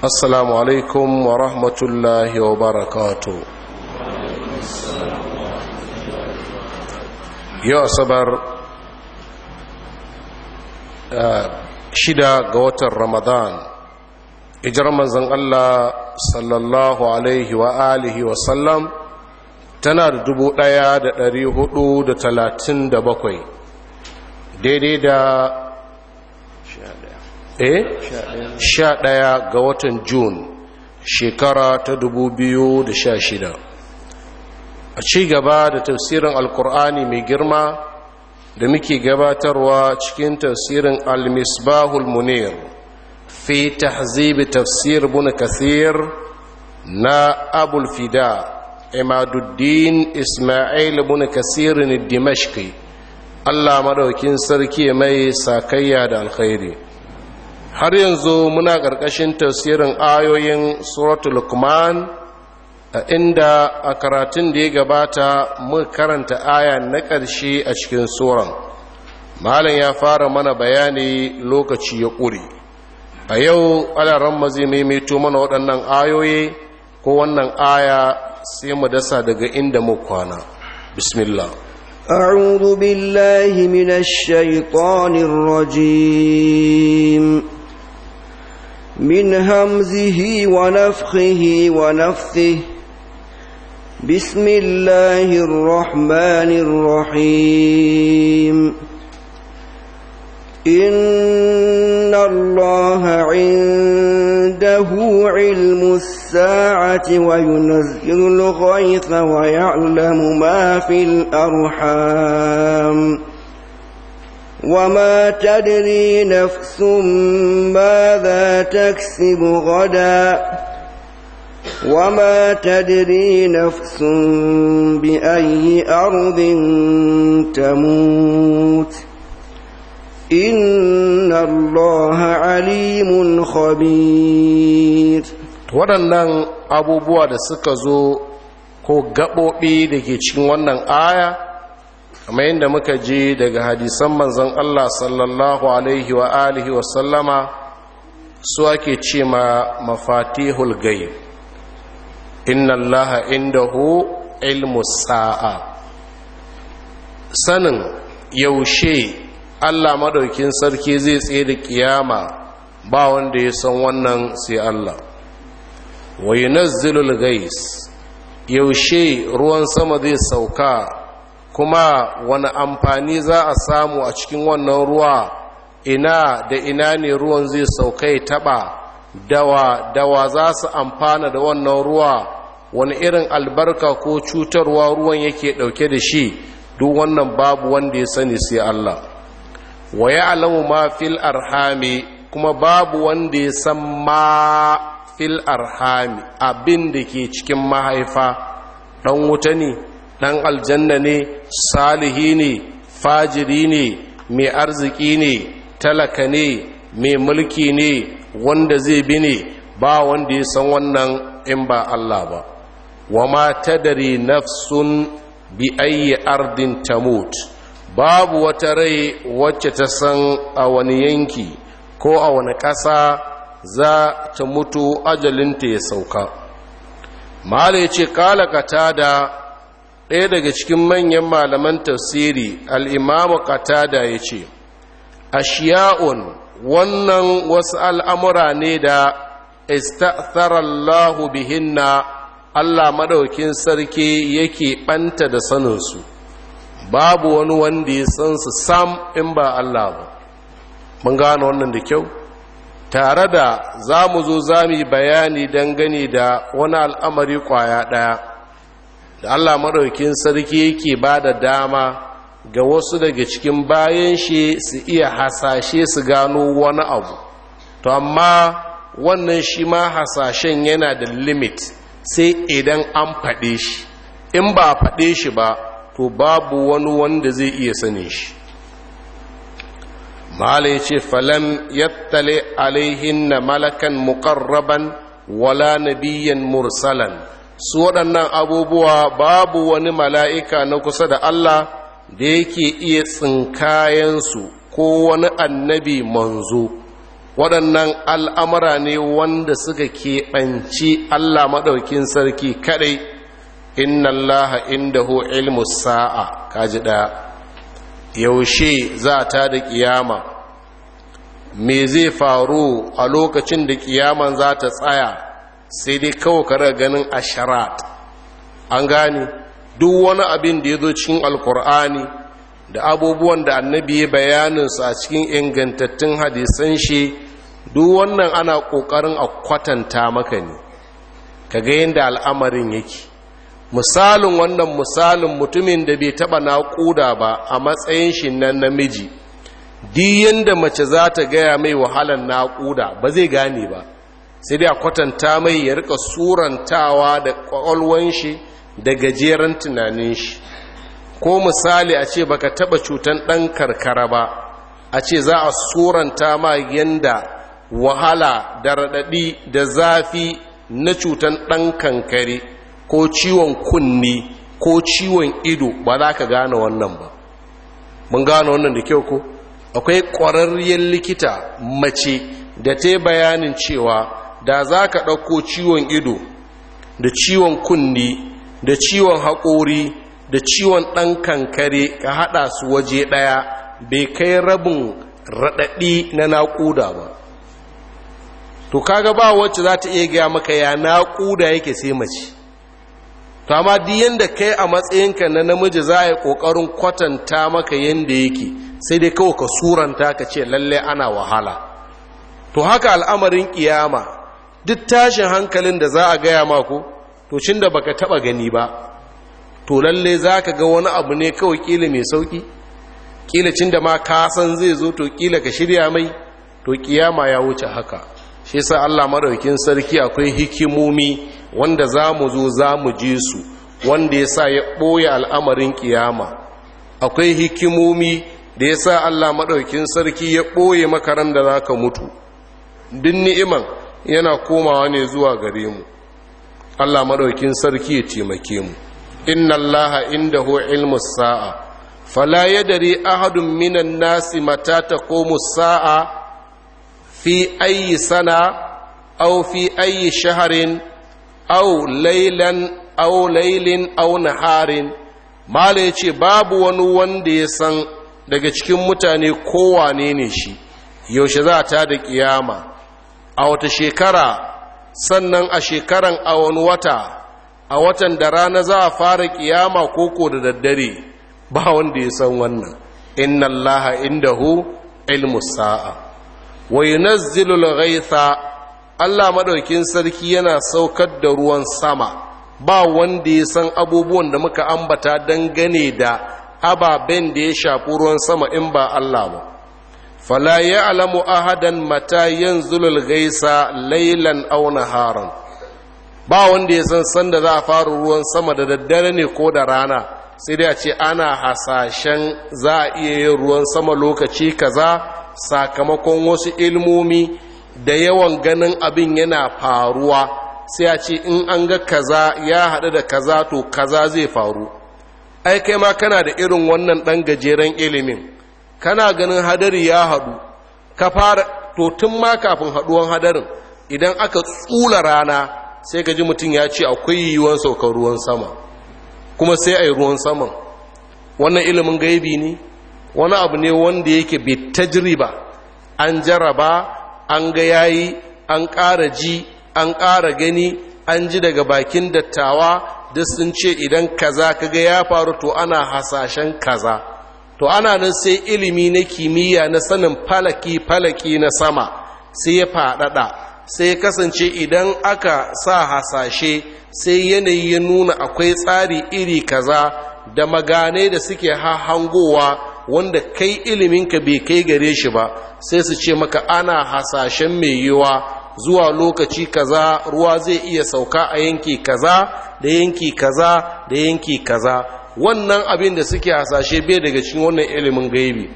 assalamu alaikum wa rahmatullahi wa barakatu yau asabar ah, shida ga watan ramadan ijar manzan allah sallallahu alaihi wa alihi wa sallam tana da dubu ɗaya da dari hudu da talatin da bakwai daidai da eh sha ɗaya ga watan Jun shekara ta dubu biyu da sha shida a ci gaba da tafsirin alkur'ani mai girma da muke gabatarwa cikin tafsirin al-misbahul munir fi Zibi, tafsir ibn kathir na abul fida imaduddin ismail ibn kathir ne dimashqi Allah madaukin sarki mai sakayya da alkhairi har yanzu muna ƙarƙashin tasirin ayoyin suratul lukman a inda a karatun da ya gabata mun karanta aya na ƙarshe a cikin tsoron malam ya fara mana bayani lokaci ya ƙuri a yau alaran mazi maimaito mana waɗannan ayoyi ko wannan aya sai mu dasa daga inda mu kwana bismillah أعوذ بالله من الشيطان الرجيم من همزه ونفخه ونفثه بسم الله الرحمن الرحيم إن الله عنده علم الساعة وينزل الغيث ويعلم ما في الأرحام وما تدري نفس ماذا تكسب غدا وما تدري نفس بأي أرض تموت إن الله عليم خبير waɗannan أبو بوا دسكزو كو ko gaɓoɓi da ke cikin wannan aya kamar yadda muka je daga hadisan manzon Allah sallallahu alaihi wa alihi wa sallama su ake ce ma mafatihul gayb inna allaha indahu ilmu sa'a sanin yaushe Allah madaukin sarki zai tsaye da kiyama ba wanda ya san wannan sai Allah wa yunazzilul gais yaushe ruwan sama zai sauka kuma wani amfani za a samu a cikin wannan ruwa ina da ina ne ruwan zai saukai taba dawa dawa za su amfana da wannan ruwa wani irin albarka ko cutarwa ruwan yake dauke da shi duk wannan babu wanda ya sani sai Allah wa alamu ma fil arhami kuma babu wanda ya san ma fil arhami abin da ke cikin mahaifa dan wuta ne ɗan aljanna ne salihi ne fajiri ne mai arziki ne talaka ne mai mulki ne wanda zai bi ne ba wanda ya san wannan in ba Allah ba wa ma tadari nafsun bi ayi ardin tamut babu wata rai wacce ta san a wani yanki ko a wani ƙasa za ta mutu ajalinta ya sauka mala ya ce kala katada ɗaya daga cikin manyan malaman tafsiri al'imamu qatada ya ce ashiya'un wannan wasu al'amura ne da istatharallahu bihinna allah maɗaukin sarki yake ɓanta da saninsu babu wani wanda ya san su sam in ba allah ba mun gano wannan da kyau tare da za mu zo za mu yi bayani dangane da wani al'amari ƙwaya ɗaya da Allah maɗaukin sarki yake ba da dama ga wasu daga cikin bayan shi su iya hasashe su gano wani abu to amma wannan shi ma hasashen yana da limit sai idan an faɗe shi in ba faɗe shi ba to babu wani wanda zai iya sani shi mahala ce falam yattale alaihin na malakan muƙarraban wala nabiyan mursalan su waɗannan abubuwa babu wani mala'ika na kusa da Allah da yake iya tsinkayensu ko wani annabi manzo waɗannan al'amura ne wanda suka keɓanci Allah maɗaukin sarki kaɗai inna Allah inda hu ilmu sa'a kaji ɗaya yaushe za ta da ƙiyama me zai faru a lokacin da ƙiyaman za ta tsaya sai dai kawai kare ganin asharat an gane duk wani abin da ya zo cikin alkur'ani da abubuwan da annabi ya bayaninsu a cikin ingantattun hadisan shi duk wannan ana ƙoƙarin a kwatanta maka ne ka ga yadda al'amarin yake misalin wannan misalin mutumin da bai taɓa naƙuda ba a matsayin shi na namiji duk yadda mace za ta gaya mai wahalar naƙuda ba zai gane ba sai dai a kwatanta mai ya rika surantawa da kwakwalwan shi da gajeren tunanin shi ko misali a ce baka taba cutan ɗan karkara ba a ce za a suranta ma yanda wahala da raɗaɗi da zafi na cutan ɗan kankare ko ciwon kunni ko ciwon ido ba za ka gane wannan ba mun gane wannan da kyau ko akwai ƙwararriyar likita mace da ta bayanin cewa da za ka ɗauko ciwon ido da ciwon kunni da ciwon haƙori da ciwon ɗan kankare ka haɗa su waje ɗaya bai kai rabin raɗaɗi na naƙuda ba to kaga ba wacce za ta iya gaya maka ya naƙuda yake sai mace to amma duk yadda kai a matsayinka na namiji za a yi ƙoƙarin kwatanta maka yanda yake sai dai kawai ka suranta ka ce lalle ana wahala to haka al'amarin kiyama duk tashin hankalin da za a gaya mako to cin da baka taba gani ba to lalle za ka ga wani abu ne kawai kila mai sauki kila cin da ma ka san zai zo to kila ka shirya mai to kiyama ya wuce haka shi sa Allah maraukin sarki akwai hikimomi wanda za mu zo za mu je su wanda ya sa ya ɓoye al'amarin kiyama akwai hikimomi da ya sa Allah maɗaukin sarki ya ɓoye makaran da za ka mutu duk ni'iman yana komawa ne zuwa gare mu Allah madaukin sarki ya taimake mu inna allaha indahu ilmu sa'a fala yadri ahadun minan nasi mata komu sa'a fi ayi sana aw fi ayi shahrin aw laylan aw laylin aw naharin mala yace babu wani wanda ya san daga cikin mutane ne ne shi yaushe za ta da kiyama a wata shekara sannan a shekaran a wani wata a watan da rana za a fara kiyama koko da daddare ba wanda ya san wannan inna allaha indahu ilmu sa'a wa yunazzilu al-ghaytha Allah madaukin sarki yana saukar da ruwan sama ba wanda ya san abubuwan da muka ambata dangane da ababen da ya shafi ruwan sama in ba Allah ba fala ya'lamu ahadan mata yanzulul gaisa laylan aw naharan ba wanda ya san sanda za a fara ruwan sama da daddare ne ko da rana sai dai a ce ana hasashen za a iya yin ruwan sama lokaci kaza sakamakon wasu ilmomi da yawan ganin abin yana faruwa sai a ce in an ga kaza ya haɗu da kaza to kaza zai faru ai kai ma kana da irin wannan ɗan gajeren ilimin kana ganin hadari ya haɗu ka fara to tun ma kafin haɗuwan hadarin idan aka tsula rana sai ka ji mutum ya ce akwai yiwuwan saukar ruwan sama kuma sai a yi ruwan saman wannan ilimin gaibi ne wani abu ne wanda yake bai tajriba an jaraba an ga yayi an ƙara ji an ƙara gani an ji daga bakin dattawa duk sun ce idan kaza kaga ya faru to ana hasashen kaza to ana nan sai ilimi na kimiyya na sanin falaki falaki na sama sai ya faɗaɗa sai kasance idan aka sa hasashe sai yanayi ya nuna akwai tsari iri kaza da maganai da suke hangowa wanda kai iliminka bai kai gare shi ba sai su ce maka ana hasashen mai yiwa zuwa lokaci kaza ruwa zai iya sauka a yanki kaza da yanki kaza da yanki kaza wannan abin da suke hasashe bai daga cikin wannan ilimin gaibi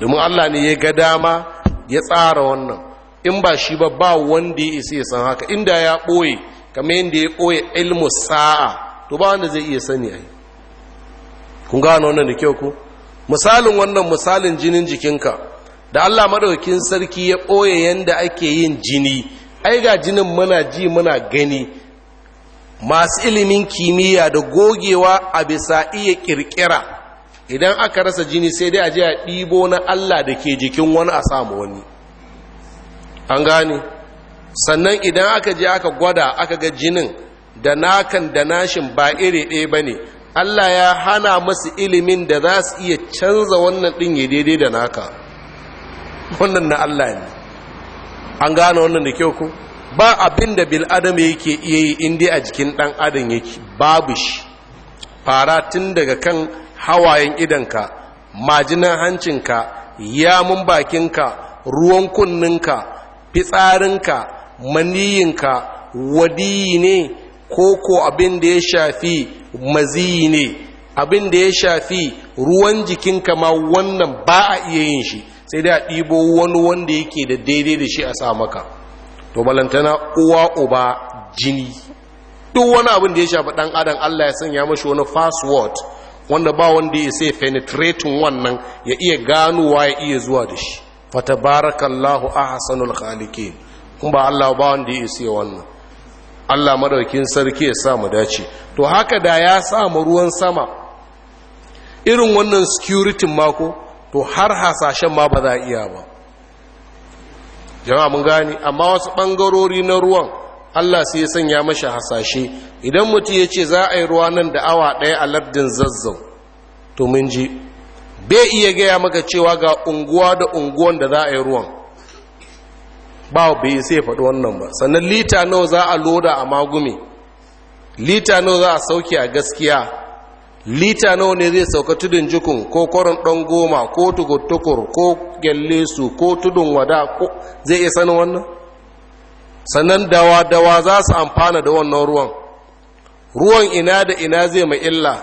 domin Allah ne ya ga dama ya tsara wannan in ba shi ba ba wanda ya isa ya san haka inda ya ɓoye kamar yadda ya ɓoye ilmu sa'a to ba wanda zai iya sani ai kun gano wannan da kyau ku misalin wannan misalin jinin jikinka da Allah madaukakin sarki ya ɓoye yadda ake yin jini ai ga jinin muna ji muna gani masu ilimin kimiyya da gogewa a bisa iya kirkira idan aka rasa jini sai dai a je a ɗibo na Allah da ke jikin wani a samu wani an gane sannan idan aka je aka gwada aka ga jinin da nakan da nashin ba iri ɗaya ba ne Allah ya hana masu ilimin da za su iya canza wannan ɗin ya daidai da naka wannan na Allah ne an gane wannan da kyau ko? ba abin da bil adam yake iya yi inda a jikin dan adam yake babu shi fara tun daga kan hawayen idanka majinan hancinka yamun bakinka ruwan kunninka fitsarinka maniyinka wadiyi ne koko abin da ya shafi maziyi ne abin da ya shafi ruwan jikinka ma wannan ba a iya yin shi sai da ɗibo wani wanda yake da daidai da shi a sa maka to balantana uwa uba jini duk wani abin da ya shafi dan adam Allah ya sanya mashi wani password wanda ba wanda ya sai penetrating wannan ya iya ganowa ya iya zuwa da shi fatabarakallahu ahsanul khaliqin kun ba Allah ba wanda ya sai wannan Allah madaukin sarki ya sa mu dace to haka da ya sa mu ruwan sama irin wannan security mako to har hasashen ma ba za iya ba jama'a mun gani amma wasu ɓangarori na ruwan allah sai ya sanya mashi hasashe idan mutum ya ce za a yi ruwa nan da awa ɗaya a lardin zazzau to mun ji bai iya gaya maka cewa ga unguwa da unguwan da za a yi ruwan ba bai sai faɗi wannan ba sannan lita nawa za a loda a magumi lita nawa za a sauke a gaskiya lita nawa ne zai sauka tudun jikun ko kwarin ɗan goma ko tukur ko gyalle su ko tudun wada ko zai iya sanin wannan sannan dawa dawa za su amfana da wannan ruwan ruwan ina da ina zai mai illa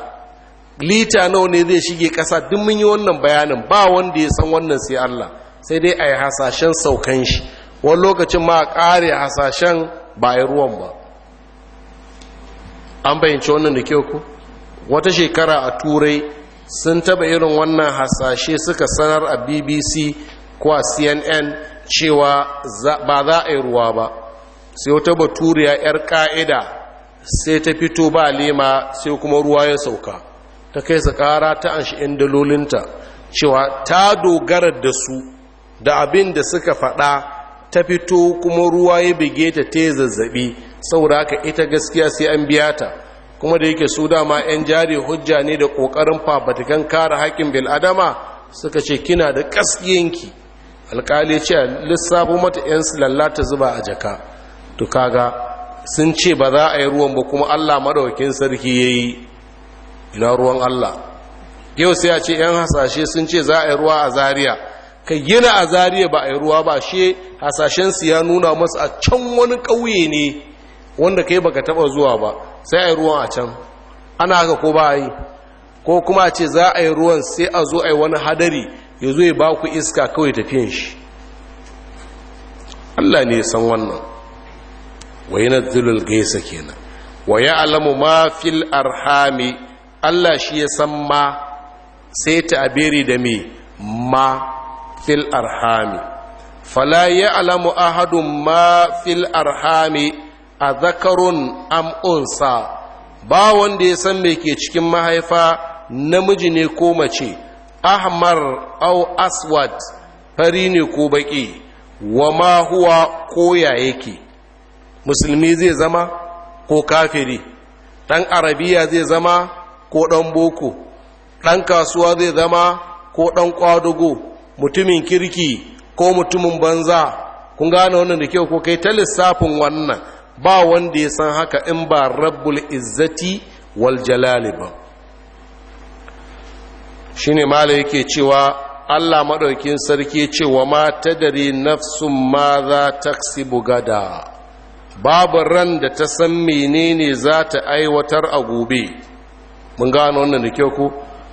lita nawa ne zai shige ƙasa duk mun yi wannan bayanin ba wanda ya san wannan sai Allah sai dai a yi hasashen saukan shi wani lokacin ma a ƙare hasashen ba ruwan ba an bayyance wannan da kyau ku wata shekara a turai sun taba irin wannan hasashe suka sanar a bbc ko a cnn cewa ba za a yi ruwa ba sai wata baturiya 'yar ka'ida sai ta fito ba lema sai kuma ruwa ya sauka ta kai su kara ta anshi 'yan dalolinta cewa ta dogara da su da abin da suka faɗa ta fito kuma ruwa ya bige ta ta zazzabi saboda haka ita gaskiya sai an biya ta kuma da yake su dama 'yan jari hujja ne da ƙoƙarin fafatikan kare haƙƙin bil'adama suka ce kina da ƙasƙiyanki alƙali ce lissafo mata 'yan silalla ta zuba a jaka to kaga sun ce ba za a yi ruwan ba kuma allah maɗaukin sarki ya yi ina ruwan allah yau sai a ce 'yan hasashe sun ce za a yi ruwa a Zariya. kai yana a Zariya ba a yi ruwa ba she hasashensu ya nuna masu a can wani ƙauye ne wanda kai baka taba zuwa ba sai ai ruwan a can ana haka ko ba a yi ko kuma a ce za a yi ruwan sai a zo a yi wani hadari ya zo ya ba ku iska kawai tafiyan shi Allah ne san wannan wa yi gaisa kenan wa ya alamu ma fil arhami Allah shi ya san ma sai ta abiri da me ma fil arhami fala ya alamu ahadun ma fil arhami a zakarun am'unsa ba wanda ya san mai ke cikin mahaifa namiji ne ko mace ahmar au aswad fari ne ko baƙi wa ma huwa koya yake musulmi zai zama ko kafiri ɗan arabiya zai zama ko ɗan boko ɗan kasuwa zai zama ko ɗan ƙwadugo mutumin kirki ko mutumin banza kun gane wannan da kyau ko kai ta lissafin wannan ba wanda ya san haka in ba rabbul izzati wal jalali ba shine mala yake cewa Allah maɗaukin sarki cewa ma ta dare nafsun ma za ta gada babu ran da ta san menene za ta aiwatar a gobe mun gano wannan da kyau ku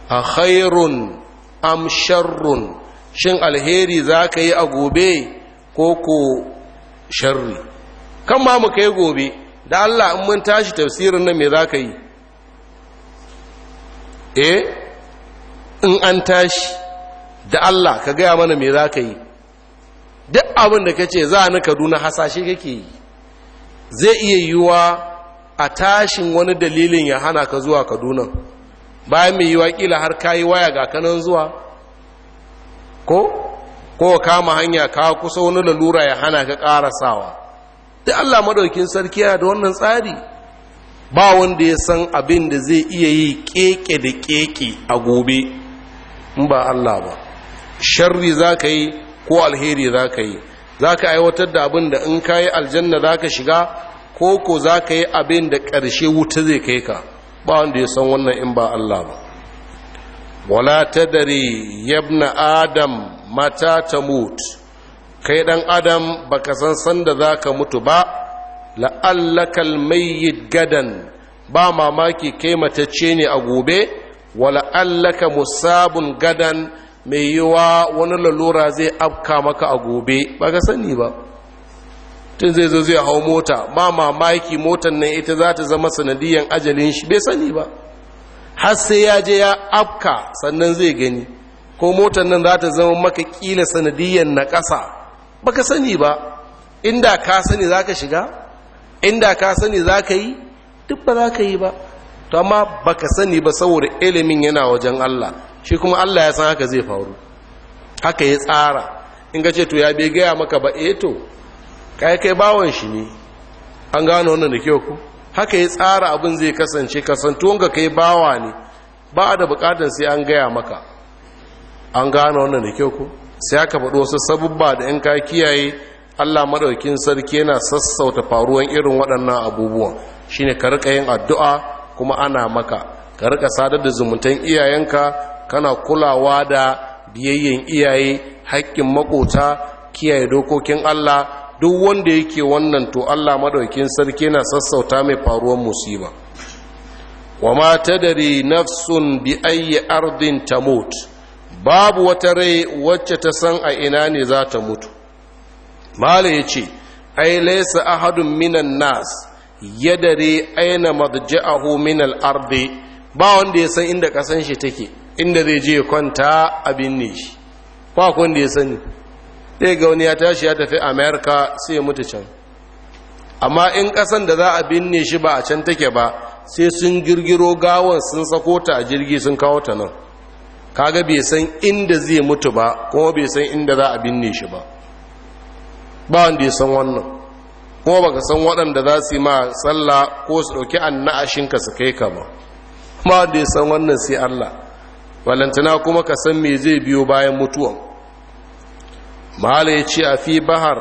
a khairun am shin alheri za ka yi a gobe ko ko sharri kan ma mu kai gobe da Allah in mun tashi tafsirin nan me za ka yi eh in an tashi da Allah ka gaya mana me za ka yi duk abin da ka ce za ni kaduna hasashe kake yi zai iya yiwuwa a tashin wani dalilin ya hana ka zuwa kaduna bayan mai yiwuwa kila har ka yi waya ga kanan zuwa ko ko kama hanya ka kusa wani lalura ya hana ka sawa? da Allah madaukin sarki yana da wannan tsari ba wanda ya san abin da zai iya yi keke da keke a gobe in ba Allah ba sharri za ka yi ko alheri za ka yi za ka aiwatar da abin da in ka yi aljanna za ka shiga ko ko za ka yi abin da ƙarshe wuta zai kai ka ba wanda ya san wannan in ba Allah ba wala tadari yabna adam mata ta mutu kai dan adam baka san sanda zaka mutu ba la'allakal mayyit gadan ba mamaki kai matacce ne a gobe wala allaka musabun gadan mai yiwa wani lalura zai afka maka a gobe ba ka sani ba tun zai zo zai hau mota ba mamaki motan nan ita za ta zama sanadiyan ajalin shi bai sani ba har sai ya je ya afka sannan zai gani ko motan nan za ta zama maka kila sanadiyan na ƙasa baka sani ba inda ka sani za ka shiga inda ka sani za ka yi duk ba za ka yi ba to amma baka sani ba saboda ilimin yana wajen Allah shi kuma Allah ya san haka zai faru haka ya tsara in ka ce to ya bai gaya maka ba eh to kai kai bawon shi ne an gano wannan da kyau ku haka ya tsara abin zai kasance kasantuwan ka kai bawa ne ba da bukatar sai an gaya maka an gano wannan da kyau ku sai aka faɗi wasu sabubba da in ka kiyaye Allah maɗaukin sarki yana sassauta faruwan irin waɗannan abubuwan shine ka rika yin addu'a kuma ana maka ka rika sadar da zumuntan iyayenka kana kulawa da biyayyen iyaye haƙƙin maƙota kiyaye dokokin Allah duk wanda yake wannan to Allah maɗaukin sarki yana sassauta mai faruwan musiba wa ma tadri nafsun bi ayyi ardin tamut babu wata rai wacce ta san a ina ne za ta mutu mala ya ce ai laisa ahadun minan nas yadare aina madja'ahu min al-ardi ba wanda ya san inda kasan shi take inda zai je kwanta abin ne shi ba wanda ya sani sai ga wani ya tashi ya tafi america sai ya mutu can amma in kasan da za a binne shi ba a can take ba sai sun girgiro gawon sun sako ta a jirgi sun kawo ta nan kaga bai san inda zai mutu ba kuma bai san inda za a binne shi ba ba wanda ya san wannan kuma baka san waɗanda za su yi ma sallah ko su ɗauki ka su kai ka ba ba wanda ya san wannan sai Allah walantana kuma ka san me zai biyo bayan mutuwan mahala ya ce a fi bahar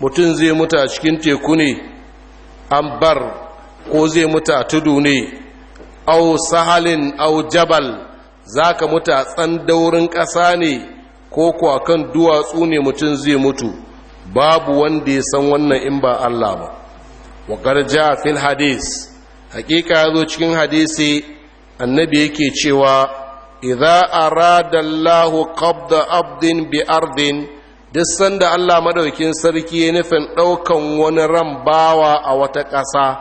mutum zai mutu a cikin teku ne an bar ko zai mutu a tudu ne au sahalin au jabal za ka mutu a tsandaurin ƙasa ne ko kuwa kan duwatsu ne mutum zai mutu babu wanda ya san wannan in ba Allah ba wa garja fil hadis hakika ya zo cikin hadisi annabi yake cewa idza arada Allahu qabda abdin bi ardin duk sanda Allah madaukin sarki ya nufin ɗaukan wani ran bawa a wata ƙasa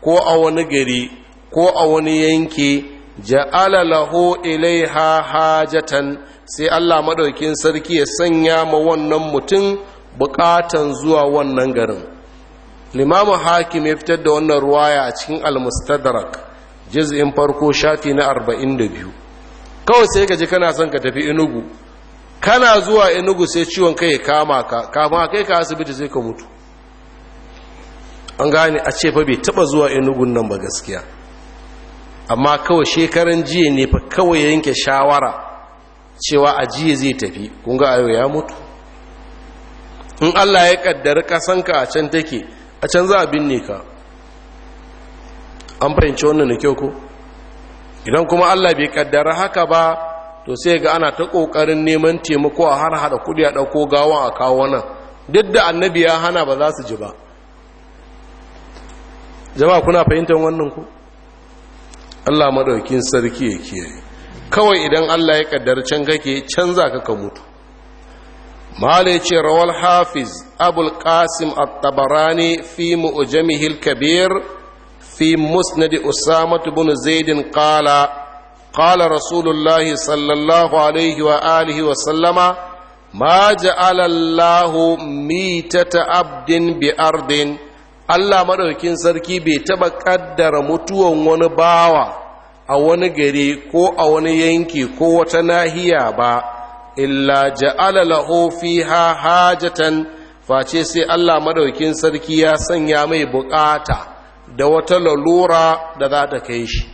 ko a wani gari ko a wani yanki ja'ala lahu ilaiha hajatan sai Allah madaukin sarki ya sanya ma wannan mutum bukatan zuwa wannan garin limamu hakim ya fitar da wannan ruwaya a cikin al-mustadrak juz'in farko shafi na 42 kawai sai ka ji kana son ka tafi inugu kana zuwa inugu sai ciwon kai ya kama ka kafin a kai ka asibiti sai ka mutu an gane a ce fa bai taɓa zuwa inugun nan ba gaskiya amma kawai shekaran jiya ne fa kawai yanke shawara cewa a jiya zai tafi kun ga ayo ya mutu in Allah ya kaddari kasanka a can take a can za a binne ka an fahimci wannan da kyau ko idan kuma Allah bai kaddara haka ba to sai ga ana ta kokarin neman taimako a har hada kudi a dauko gawa a kawo nan duk da annabi ya hana ba za su ji ba jama'a kuna fahimtar wannan ku Allah maɗaukin sarki ya kiyaye kawai idan Allah ya kaddar can kake can za ka ka mutu malai ce rawal hafiz abul qasim at-tabarani fi mu'jamihi al-kabir fi musnad usama ibn zaid qala qala rasulullah sallallahu alaihi wa alihi wa sallama ma ja'ala allah mitata abdin bi ardin Allah maɗaukin sarki bai taɓa ƙaddara mutuwan wani bawa a wani gari ko a wani yanki ko wata nahiya ba illa ja'ala lahu fiha hajatan face sai Allah maɗaukin sarki ya sanya mai buƙata da wata lalura da za ta kai shi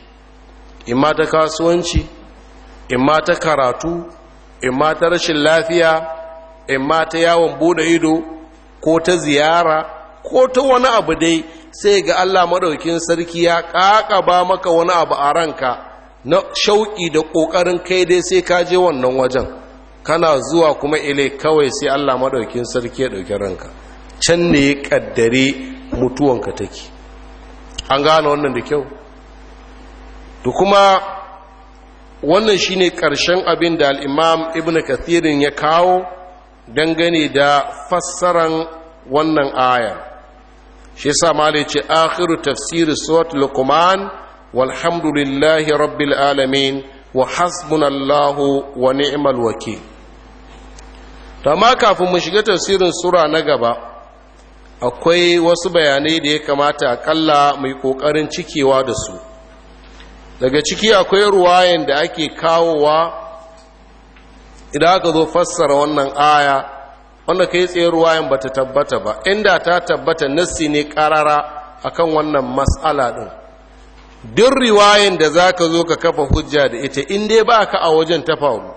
imma ta kasuwanci imma ta karatu imma ta rashin lafiya imma ta yawon bude ido ko ta ziyara ko ta wani abu dai sai ga Allah maɗaukin sarki ya ƙaƙaba maka wani abu a ranka na shauƙi da ƙoƙarin kai dai sai ka je wannan wajen kana zuwa kuma ile kawai sai Allah maɗaukin sarki ya ɗauki ranka can ne ya ƙaddare mutuwanka take an gane wannan da kyau da kuma wannan shine ƙarshen abin da al'imam ibn kathirin ya kawo dangane da fassaran wannan ayar shi yasa malai ce akhiru tafsiri surat luqman walhamdulillahi rabbil alamin wa hasbunallahu wa ni'mal wakil to amma kafin mu shiga tafsirin sura na gaba akwai wasu bayanai da ya kamata akalla mai kokarin cikewa da su daga ciki akwai ruwayan da ake kawowa idan aka zo fassara wannan aya wanda ka kai tsaye ruwayan ta tabbata ba inda ta tabbata nassi ne karara akan wannan matsala ɗin. duk riwayan da za ka zo ka kafa hujja da ita in dai ka a wajen ta faru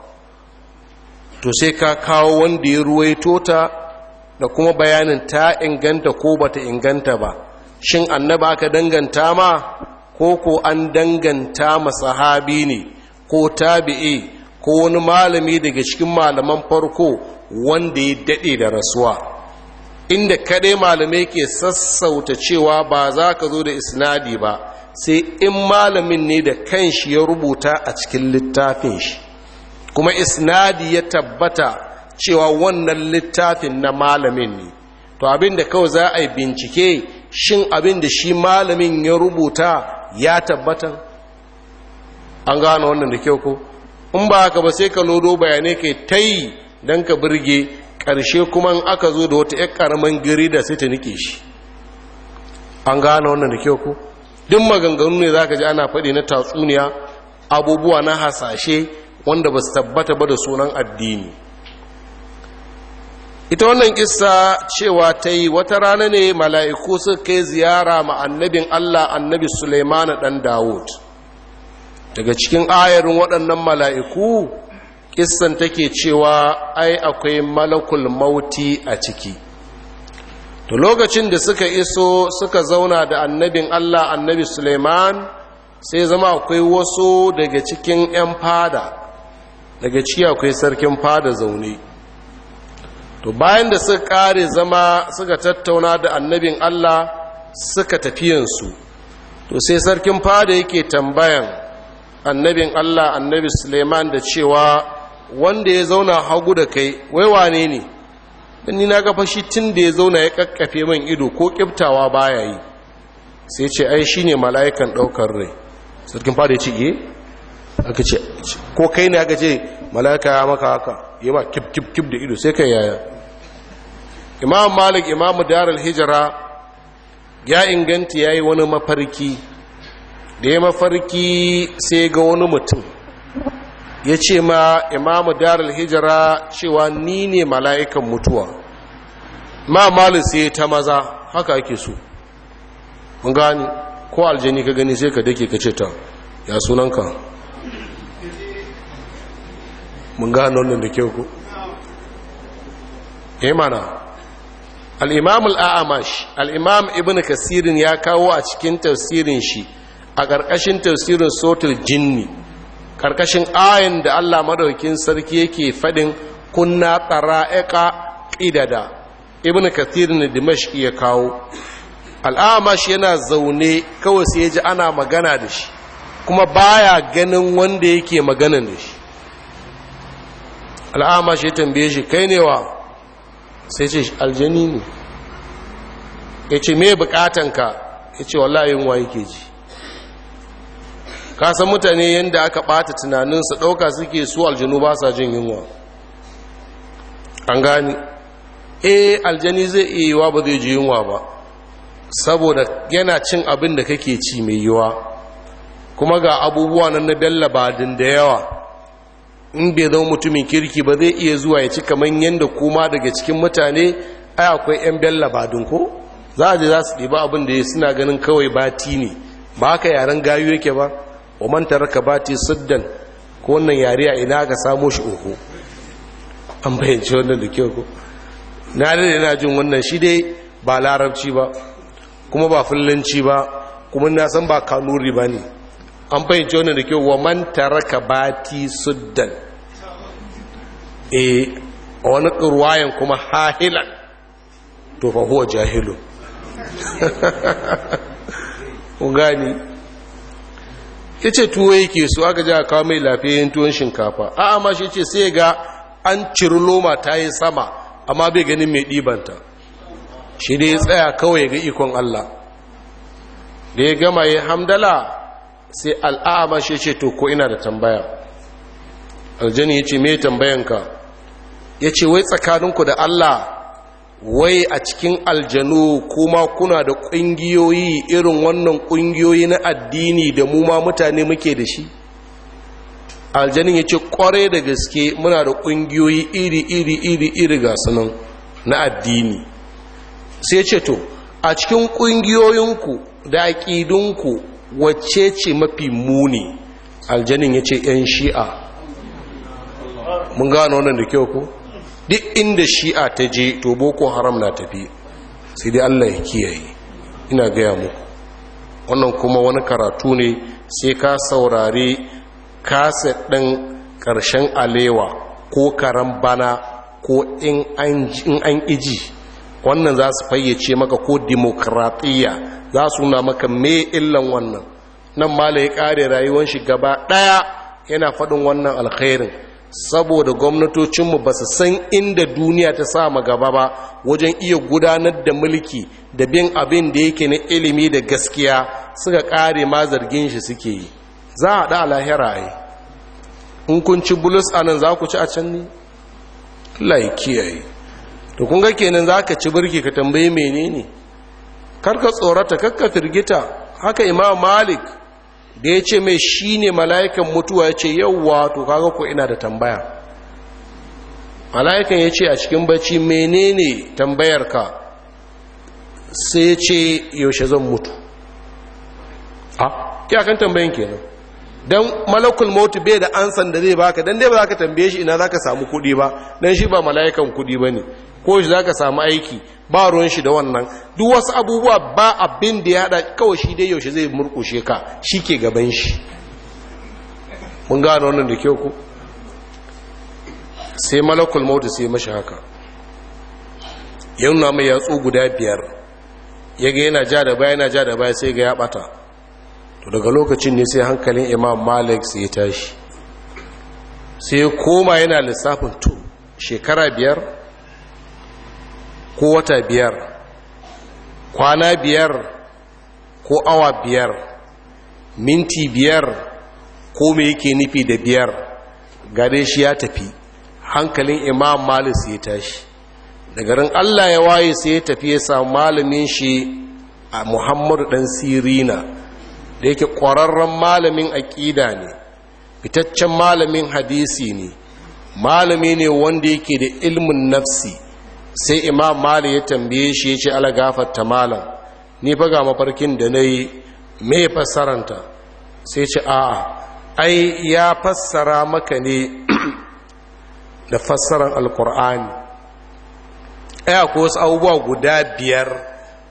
to sai ka kawo wanda ya ruwaito ta da kuma bayanin ta inganta ko ba ta inganta ba shin annaba ka danganta ma ko ko an danganta ma sahabi ne ko tabi'i ko wani malami daga cikin malaman farko wanda ya daɗe da rasuwa inda kaɗai malamai ke sassauta cewa ba za ka zo da isnadi ba sai in malamin ne da kanshi ya rubuta a cikin littafin shi kuma isnadi ya tabbata cewa wannan littafin na malamin ne to abin da kawai za a yi bincike shin abin da shi malamin ya rubuta ya tabbata an gano wannan da kyau ko in ba haka ba sai ka lodo bayanai kai ta yi don ka birge ƙarshe kuma in aka zo da wata 'yar ƙaramin gari da sai ta nike shi an gane wannan da kyau ku duk maganganu ne za ka ji ana faɗi na tatsuniya abubuwa na hasashe wanda ba su tabbata ba da sunan addini ita wannan kissa cewa ta yi wata rana ne mala'iku suka kai ziyara ma annabin Allah annabi Suleimana ɗan Dawud daga cikin ayarin waɗannan mala'iku kissan take cewa ai akwai malakul mauti a ciki to lokacin da suka iso suka zauna da annabin Allah annabi Suleiman sai zama akwai wasu daga cikin ƴan fada daga ciki akwai sarkin fada zaune to bayan da suka kare zama suka tattauna da annabin Allah suka tafiyansu to sai sarkin fada yake tambayan annabin Allah annabi Suleiman da cewa wanda ya zauna hagu da kai wai wane ne dan ni na ga fashi tun da ya zauna ya kakkafe man ido ko kiftawa baya yi sai ce ai shine mala'ikan daukar rai sarkin fada ya ce ye eh? aka ce ko kai ne aka ce mala'ika ya maka haka ya ma kip kip kip da ido sai kai yaya imam malik imam darul hijira ya inganta yayi wani mafarki da ya mafarki sai ga wani mutum ya ce ma imamu darul hijira cewa ni ne mala'ikan mutuwa ma malin sai ta maza haka ake so mun gani ko aljani ka gani sai ka dake ka ce ta ya sunanka mun gano wannan da kyau ku. ya eh mana al'imam al'amash al'imam ibn kasirin ya kawo a cikin tafsirin shi a ƙarƙashin tafsirin sotar jinni karkashin ayin da Allah madaukin sarki yake fadin kunna tsara'aika ƙidada, Ibn kathir ne Dimash ya kawo al'amash yana zaune kawai sai ji ana magana da shi kuma baya ganin wanda yake magana da shi al'amash ya tambaye shi kai ne wa sai ce aljani ne ya ce me bukatanka ya ce wallahi yin wa yake ji ka san mutane yadda aka ɓata tunaninsa ɗauka suke su aljanu ba sa jin yunwa an gani e eh, aljani zai iya yiwa ba zai ji yunwa ba saboda yana cin abin da kake ci mai yiwa kuma ga abubuwa nan na dallabadin da yawa in bai zama mutumin kirki ba zai iya zuwa ya ci kamar yadda kuma daga cikin mutane ai akwai 'yan bella badin ko za a je za su ɗiba abin da ya suna ganin kawai bati ne ba haka yaren gayu yake ba wa raka ba ce siddan ko wannan yare a ina aka samo shi uku an bayyance wannan da kyau ko na da yana jin wannan shi dai ba larabci ba kuma ba fullanci ba kuma na san ba kanuri ba ne an fahimci wannan da kyau wa ba taraka bati e a wani ruwayan kuma hahilan to fa huwa jahilu ku gani ya ce tuwo yake so aka ji a kawo mai lafiyayyen tuwon shinkafa a amma shi ce sai ga an ciri loma ta yi sama amma bai ganin mai ɗibanta shi ne ya tsaya kawai ga ikon Allah da ya gama ya hamdala sai al'ama shi ce to ko ina da tambaya aljani ya ce me tambayanka ya ce wai tsakaninku da Allah wai a cikin aljanu kuma kuna da ƙungiyoyi irin wannan ƙungiyoyi na addini da mu ma mutane muke da shi aljanin ya ce ƙware da gaske muna da ƙungiyoyi iri iri iri iri ga sunan na addini sai ce to a cikin ƙungiyoyinku da aƙidunku wacce ce mafi muni aljanin ya ce 'yan shi'a mun gano wannan da kyau ko? duk inda shi'a ta je to boko haram na tafi sai dai allah ya kiyaye ina gaya muku wannan kuma wani karatu ne sai ka saurari kasa ɗin ƙarshen alewa ko karan bana ko in an iji wannan za su fayyace maka ko demokratiya za su na maka mai illan wannan nan ma ya ƙare rayuwar shi gaba ɗaya yana faɗin wannan alkhairin saboda gwamnatocinmu ba su san inda duniya ta sa gaba ba wajen iya gudanar da mulki da bin abin da yake na ilimi da gaskiya suka kare ma zargin shi suke yi za a da lahira yi in kun ci bulus a nan za ku ci a can ne laikiyayi to kun ga kenan za ka ci birki ka tambaye menene karka tsorata karka firgita haka imam malik da ya ce mai shi ne mala'ikan mutuwa ya ce yauwa to kaga ko ina da tambaya mala'ikan ya ce a cikin bacci menene tambayarka sai ya ce yaushe zan mutu a kan tambayin kenan don malakul mautu bai da ansan da zai baka don dai ba za ka tambaye shi ina za ka samu kudi ba don shi ba mala'ikan kudi ba ne ko shi za ka samu aiki ba ruwan shi da wannan duk wasu abubuwa ba abin da ya haɗa kawai shi dai yaushe zai murkushe ka shi ke gaban shi mun gano wannan da kyau ku sai malakul mautu sai mashi haka yana mai yatsu guda biyar ya ga yana ja da baya yana ja da baya sai ga ya bata to daga lokacin ne sai hankalin imam malik sai ya tashi sai koma yana lissafin to shekara biyar ko wata biyar kwana biyar ko awa biyar minti biyar ko me yake nufi da biyar gare shi ya tafi hankalin imam malis sai ya tashi da garin allah ya waye sai ya tafi ya samu malamin shi a muhammadu dan sirina da yake ƙwararren malamin aƙida ne fitaccen malamin hadisi ne malami ne wanda yake da ilmin nafsi sai imam mali ya tambaye shi ya ce ala gafarta malam ni fa mafarkin da na yi mai fassaranta sai ce a'a ai ya fassara maka ne da fassaran alkur'ani ai akwai wasu abubuwa guda biyar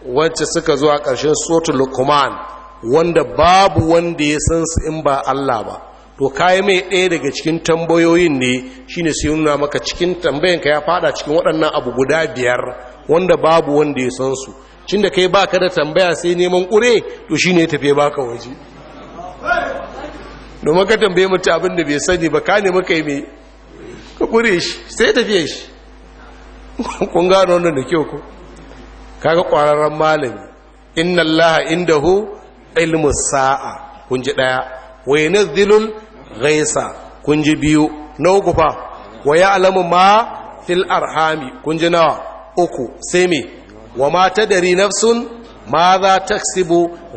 wacce suka zuwa ƙarshen sotu lukman wanda babu wanda ya san su in ba allah ba to kayi mai ɗaya daga cikin tambayoyin ne shine sai nuna maka cikin tambayanka ya fada cikin waɗannan abu guda biyar wanda babu wanda ya san su cin da kai ka da tambaya sai neman ƙure to shi ne tafiye ba ka waje domin ka tambaye mutu abin da bai sani ba ka ne maka yi mai ka ƙure shi sai tafiye shi kun gano wannan da kyau ko kaga ƙwararren malami inna allaha indahu ilmus sa'a kun ji daya wa gaisa kun ji biyu na uku fa wa ya alamu ma fil arhami kun ji nawa uku sai me wa ma ta dari nafsun ma za ta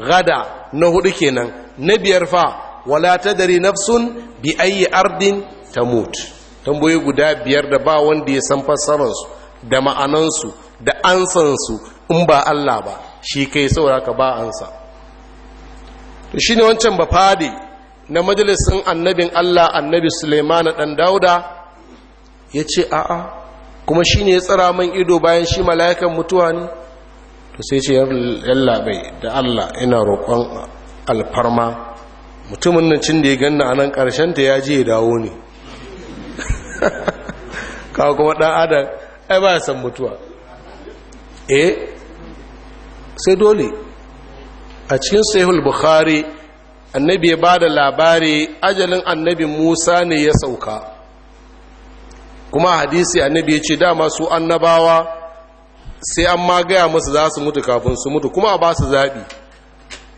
gada na hudu kenan na biyar fa wala ta dari nafsun bi ayi ardin ta mutu tamboyi guda biyar da ba wanda ya san fassararsu da ma'anansu da ansansu in ba Allah ba shi kai saboda ka ba ansa to shine wancan ba fadi na majalisun annabin Allah annabi Suleiman dan Dauda ya ce a'a kuma shi ne ya tsara man ido bayan shi mala'ikan mutuwa ne to sai ce labai da Allah ina roƙon alfarma mutumin nan cin da ya ganna a nan ƙarshen ta ya je ya dawo ne kawo kuma ɗan adam ai ba san mutuwa eh sai dole a cikin sahihul bukhari annabi ya ba da labari ajalin annabi musa ne ya sauka kuma hadisi annabi ya ce dama su annabawa sai an ma gaya musu za su mutu kafin su mutu kuma a ba su zaɓi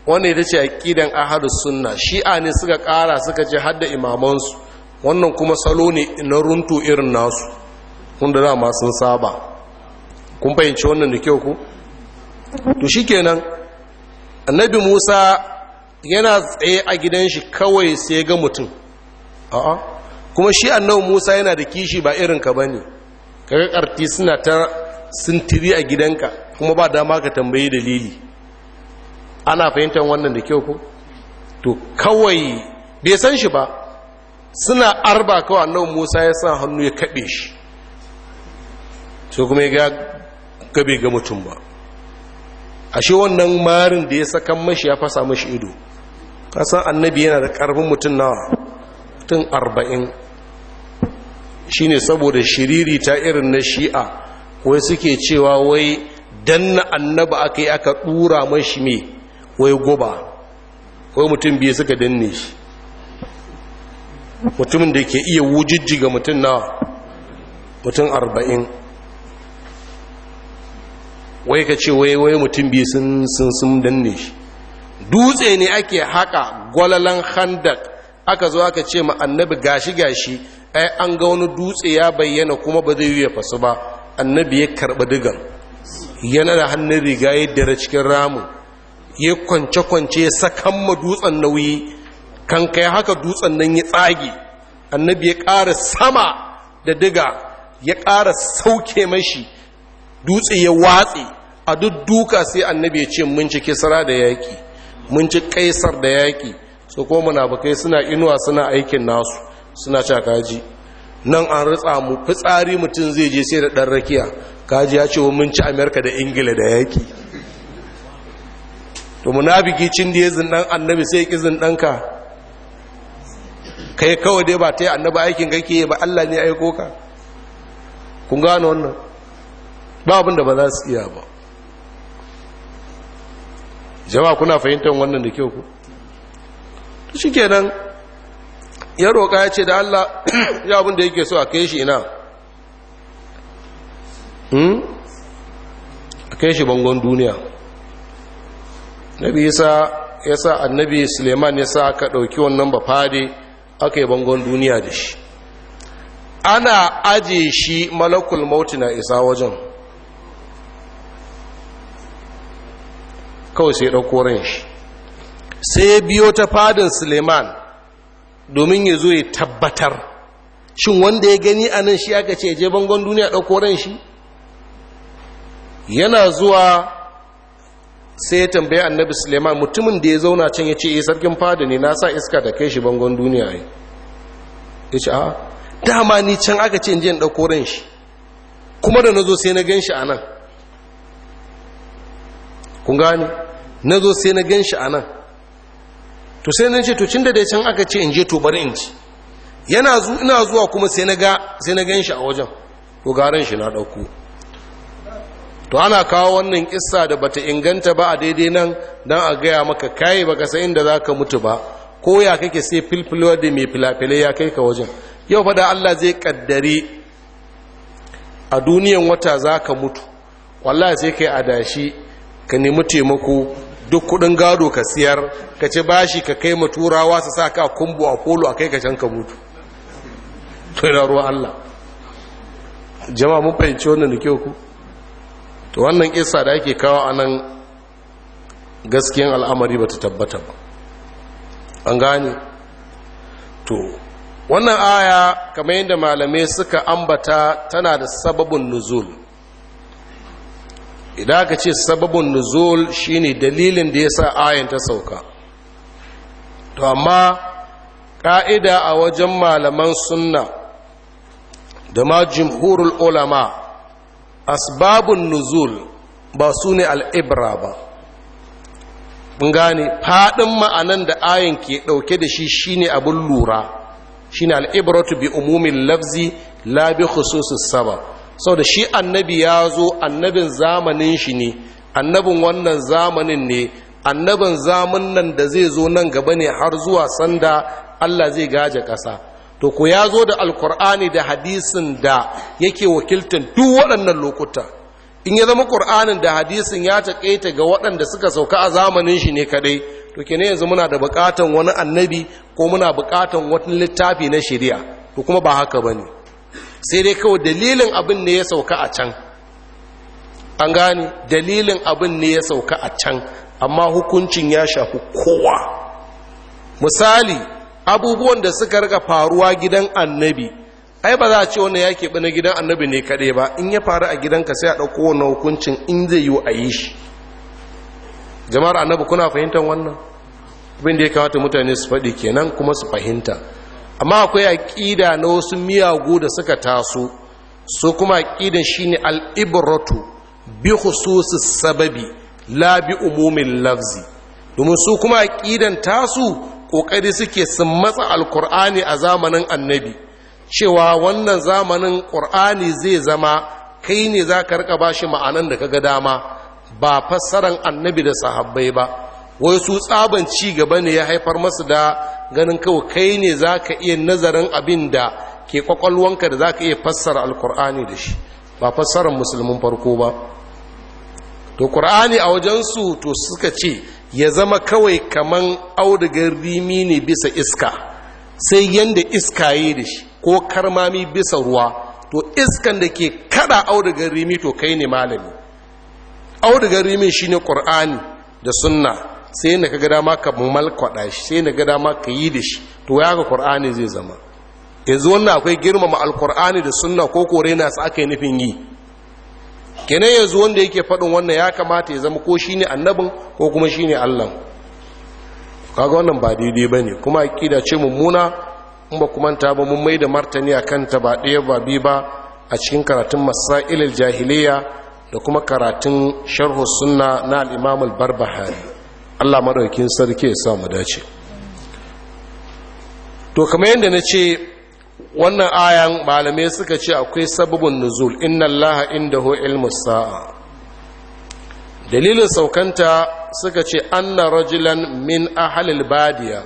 wannan ita ce aƙidan ahadus sunna shi'a ne suka ƙara suka ce hadda imamansu wannan kuma salo ne na runtu irin nasu wanda dama sun saba kun fahimci wannan da kyau ku to shikenan annabi musa yana tsaye a gidan shi kawai sai ga mutum a'a kuma shi annabi Musa yana da kishi ba irin ka bane kaga karti suna ta sintiri a gidanka kuma ba dama ka tambayi dalili ana fahimtar wannan da kyau ko to kawai bai san shi ba suna arba kawai annabi Musa ya sa hannu ya kaɓe shi To kuma ya ga gabe ga mutum ba ashe wannan marin da ya saka mashi ya fasa mashi ido kasan annabi yana da karfin mutum nawa mutum arba'in shine saboda shiriri ta irin na shi'a wai suke cewa wai danna annaba aka yi aka ɗura mashi mai wai goba. wai mutum biyu suka danne shi mutumin da ke iya wujijjiga mutum na mutum arba'in wai ka ce wai wai mutum biyu sun sun sun danne shi dutse ne ake haka gwalalan handak aka zo aka ce ma annabi gashi gashi ai an ga wani dutse ya bayyana kuma ba zai yi ya fasu ba annabi ya karɓi digan yana da hannun riga ya dare cikin ramu. ya kwance-kwance ya sakan ma dutsen nauyi kan kai haka dutsen nan ya tsage annabi ya ƙara sama da diga ya ƙara sauke mashi dutse ya watse a duk duka sai annabi ya ce mun ci kisra da yaƙi mun ci kaisar da yaƙi su ko bakai suna inuwa suna aikin nasu suna ca kaji nan an ritsa mu fitsari mutum zai je sai da ɗan rakiya kaji ya ce mun ci amerika da ingila da yaƙi to munafiki cin da ya zindan annabi sai ki zindanka kai kawai dai ba ta yi annabi aikin kake ba allah ne aiko ka kun gano wannan ba abin da ba za su iya ba jama kuna fahimtar wannan da kyau ku shi kenan ya roƙa ya ce da Allah ya abin da yake so a kai shi ina hmm? a kai shi bangon duniya nabi isa ya sa annabi suleiman ya sa aka ɗauki wannan ba fade aka yi bangon duniya da shi ana aje shi malakul mauti na isa wajen kawai sai ɗauko ran shi sai ya biyo ta fadin suleiman domin ya zo ya tabbatar shin wanda ya gani a nan shi aka ce je bangon duniya ɗauko ran shi yana zuwa sai ya tambaye annabi suleiman mutumin da ya zauna can ya ce ya eh, sarkin fada ne na sa iska da kai shi bangon duniya ya ce a dama ni can aka ce in ɗauko ran shi kuma da na zo sai na gan shi a nan kun gane na zo sai na gan shi a nan to sai na ce to cin da dai aka ce in je to bari in ci yana ina zuwa kuma sai na ga gan shi a wajen ko garan shi na ɗauko to ana kawo wannan kissa da bata inganta ba a daidai nan don a gaya maka kayi baka san inda za ka mutu ba ko ya kake sai filfilo da mai filafilai ya kai ka wajen yau fa da allah zai kaddare a duniyan wata za ka mutu wallah sai kai adashi ka nemi taimako duk kudin gado ka siyar ka ce bashi ka kai ma turawa su sa ka kumbu a kolo a kai ka can ka mutu to yana ruwa Allah jama'a mun fahimci wannan da kyau ku to wannan kissa da ake kawo a nan gaskiyan al'amari ba ta tabbata ba an gane to wannan aya kamar yadda malamai suka ambata tana da sababin nuzul idan aka ce sababin nuzul shine dalilin da ya sa ayin ta sauka to amma ƙa'ida a wajen malaman sunna da ma jimhurul ulama asbabun nuzul ba su ne al'ibra ba mun gane faɗin ma'anan da ayin ke ɗauke da shi shine abin lura shine al'ibratu bi umumin lafzi labi bi khususus sabab sau da shi annabi ya zo annabin zamanin shi ne annabin wannan zamanin ne annabin zamanin nan da zai zo nan gaba ne har zuwa sanda allah zai gaje ƙasa to ku ya zo da alkur'ani da hadisin da yake wakiltar duk waɗannan lokuta in ya zama ƙur'anin da hadisin ya taƙaita ga waɗanda suka sauka a zamanin shi ne kadai to ke yanzu muna da buƙatan wani annabi ko muna buƙatan wani littafi na shari'a to kuma ba haka ba ne sai dai kawai dalilin abin ne ya sauka a can an gane dalilin abin ne ya sauka a can amma hukuncin ya shafi kowa misali abubuwan da suka rika faruwa gidan annabi ai ba za a ce wannan ya keɓe na gidan annabi ne kaɗai ba in ya faru a gidanka sai a ɗauko wannan hukuncin in zai yi a yi shi jama'ar annabi kuna fahimtar wannan abin da ya kamata mutane su faɗi kenan kuma su fahimta amma akwai aƙida na wasu miyagu da suka taso su kuma aƙidan shine al'ibratu bi khususis sababi la bi umumin lafzi domin su kuma aƙidan tasu ƙoƙari suke sun matsa alkur'ani a zamanin annabi cewa wannan zamanin ƙur'ani zai zama kai ne za ka rika ba shi ma'anan da ka ga dama ba fassaran annabi da sahabbai ba wai su tsaban ci gaba ne ya haifar masu da ganin kawai kai ne za ka iya nazarin abin da ke kwakwalwanka da za ka iya fassara alkur'ani da shi ba fassarar musulmin farko ba to kur'ani a wajensu to suka ce ya zama kawai kaman audugar rimi ne bisa iska sai yadda iska yi da shi ko karmami bisa ruwa to iskan da ke kada audugar rimi to kai ne malami audigar shi shine ƙur'ani da sunna sai na ga gada ka malkwada shi sai na gada dama ka yi da shi to ya ga qur'ani zai zama yanzu wannan akwai girmama alqur'ani da sunna ko kore na su aka yi nufin yi kenan yanzu wanda yake faɗin wannan ya kamata ya zama ko shine annabin ko kuma shine Allah kaga wannan ba daidai bane kuma aqida ce mummuna in ba kuma ta ba mun mai da martani akan ta ba ɗaya ba biyu ba a cikin karatun masailil jahiliya da kuma karatun sharhu sunna na al-imam barbahari Allah maɗaukin sarki ya sa dace to kamar yadda na ce wannan ayan malamai suka ce akwai sababin nuzul inna allaha indahu ilmu sa'a dalilin saukanta suka ce anna rajulan min ahalil badiya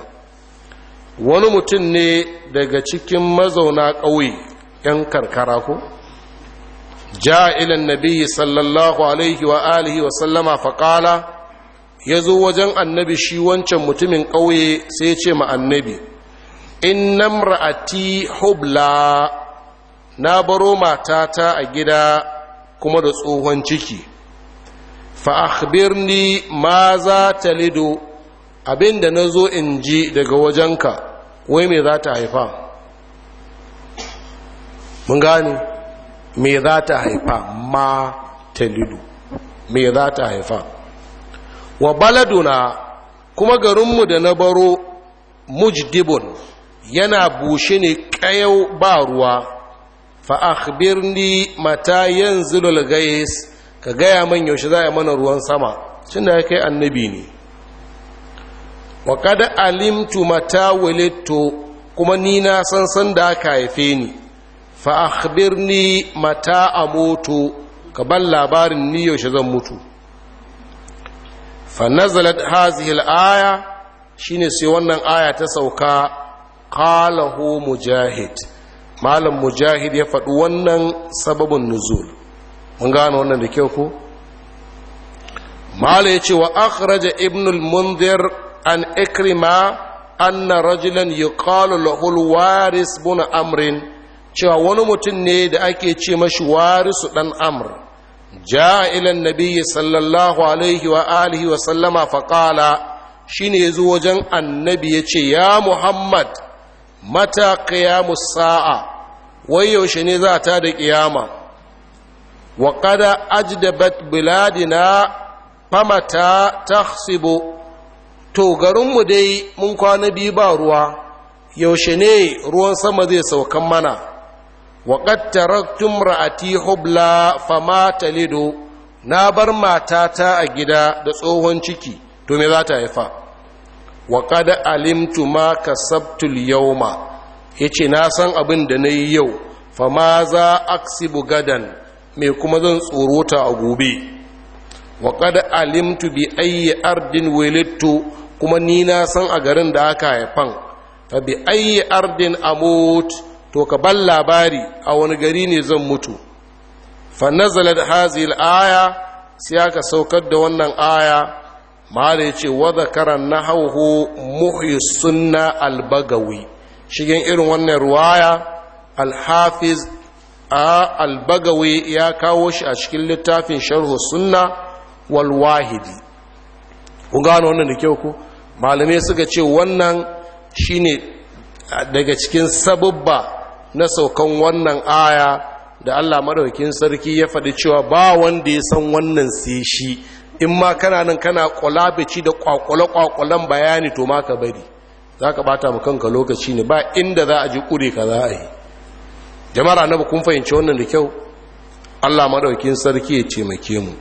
wani mutum ne daga cikin mazauna ƙauye 'yan karkara ko ja ilan nabiyyi sallallahu alaihi wa alihi wa sallama faƙala ya zo wajen annabi shi wancan mutumin ƙauye sai ya ce ma annabi in namra'ati hubla na baro matata a gida kuma da tsohon ciki birni ma za ta lido abinda na zo in ji daga wajenka wai me za ta haifa mun gani me za ta haifa ma ta lido me za ta haifa wa baladuna kuma garinmu da na baro mujdibun yana bushe ne ƙayau ba ruwa fa akhbirni mata yanzu gais ka gaya man yaushe za a mana ruwan sama cin da ya kai annabi ne wa kada alimtu mata walittu kuma ni na san san da aka haife ni fa akhbirni mata moto ka ban labarin ni yaushe zan mutu fa nazalat hazihi al-aya shine sai wannan aya ta sauka qalahu mujahid malam mujahid ya faɗi wannan sababin nuzul mun gano wannan da kyau ko malam yace wa akhraja ibn al-munzir an ikrima anna rajulan yuqalu lahu al-waris bun amrin cewa wani mutum ne da ake ce mashi warisu dan amr ja'a ila nabiyyi sallallahu alaihi wa alihi wa sallama faqala shine yazo wajen annabi yace ya muhammad mata qiyamus sa'a wai yaushe ne za ta da kiyama wa qad ajdabat biladina famata tahsibu to garinmu dai mun kwana biyu ba ruwa yaushe ne ruwan sama zai saukan mana Waƙar qad taraktum ra'ati hubla fama lido, na bar matata a gida da tsohon ciki to me za ta haifa wa qad alimtu ma kasabtu al ya yace na san abin da nayi yau fama za aksibu bugadan me kuma zan tsorota a gobe wa alimtu bi ayyi ardin walittu kuma ni na san a garin da aka haifan ta bi ayyi ardin amut to ka ban labari a wani gari ne zan mutu fa hazil aya sai aka saukar da wannan aya ce yace karan na hauhu muhyi sunna al-bagawi shigen irin wannan ruwaya alhafiz a al ya kawo shi a cikin littafin sharhu sunna Walwahidi. ku gano wannan da kyau ku malamai suka ce wannan shine daga cikin sabubba na saukan wannan aya da Allah madaukin sarki ya faɗi cewa ba wanda ya san wannan sai shi in ma kana nan kana kulabici da kwakwale-kwakwalen bayani to ma ka bari za ka bata mu kanka lokaci ne ba inda za a ji kure ka za a yi jama'a na bukun fahimci wannan da kyau Allah madaukin sarki ya taimake mu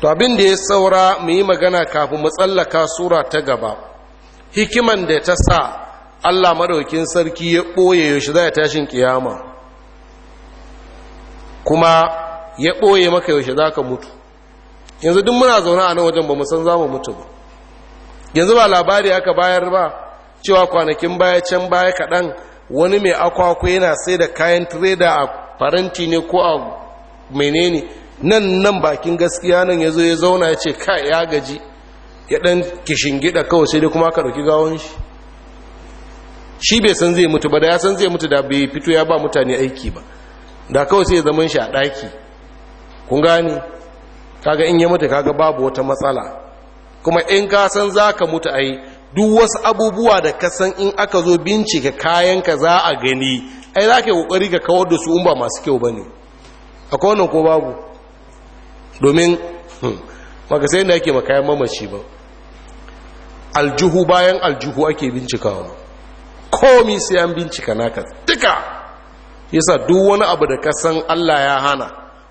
to abin da ya saura mu yi magana kafin mu tsallaka sura ta gaba hikiman da ta sa Allah madaukin sarki ya ɓoye yaushe za a tashin kiyama kuma ya ɓoye maka yaushe za ka mutu yanzu duk muna zaune a nan wajen ba san za mu mutu ba yanzu ba labari aka bayar ba cewa kwanakin baya can baya kaɗan wani mai akwakwai yana sai da kayan tireda a faranti ne ko a menene nan nan bakin gaskiya nan ya zo ya zauna ya ce ka ya gaji ya ɗan kishin gida kawai sai dai kuma aka ɗauki gawon shi shi bai san zai mutu ba da ya san zai mutu da bai fito ya ba mutane aiki ba da kawai sai zaman shi a ɗaki kun gani kaga in ya mutu kaga babu wata matsala kuma in ka san za ka mutu ai duk wasu abubuwa da ka san in aka zo bincika kayanka za a gani ai za ka yi ƙoƙari ka kawar da su in ba masu kyau ba ne akwai wannan ko babu domin maka hmm, sai da ake makayan mamaci ba aljuhu bayan aljuhu ake bincikawa komi sai an bincika naka duka yasa duk wani abu da kasan Allah ya hana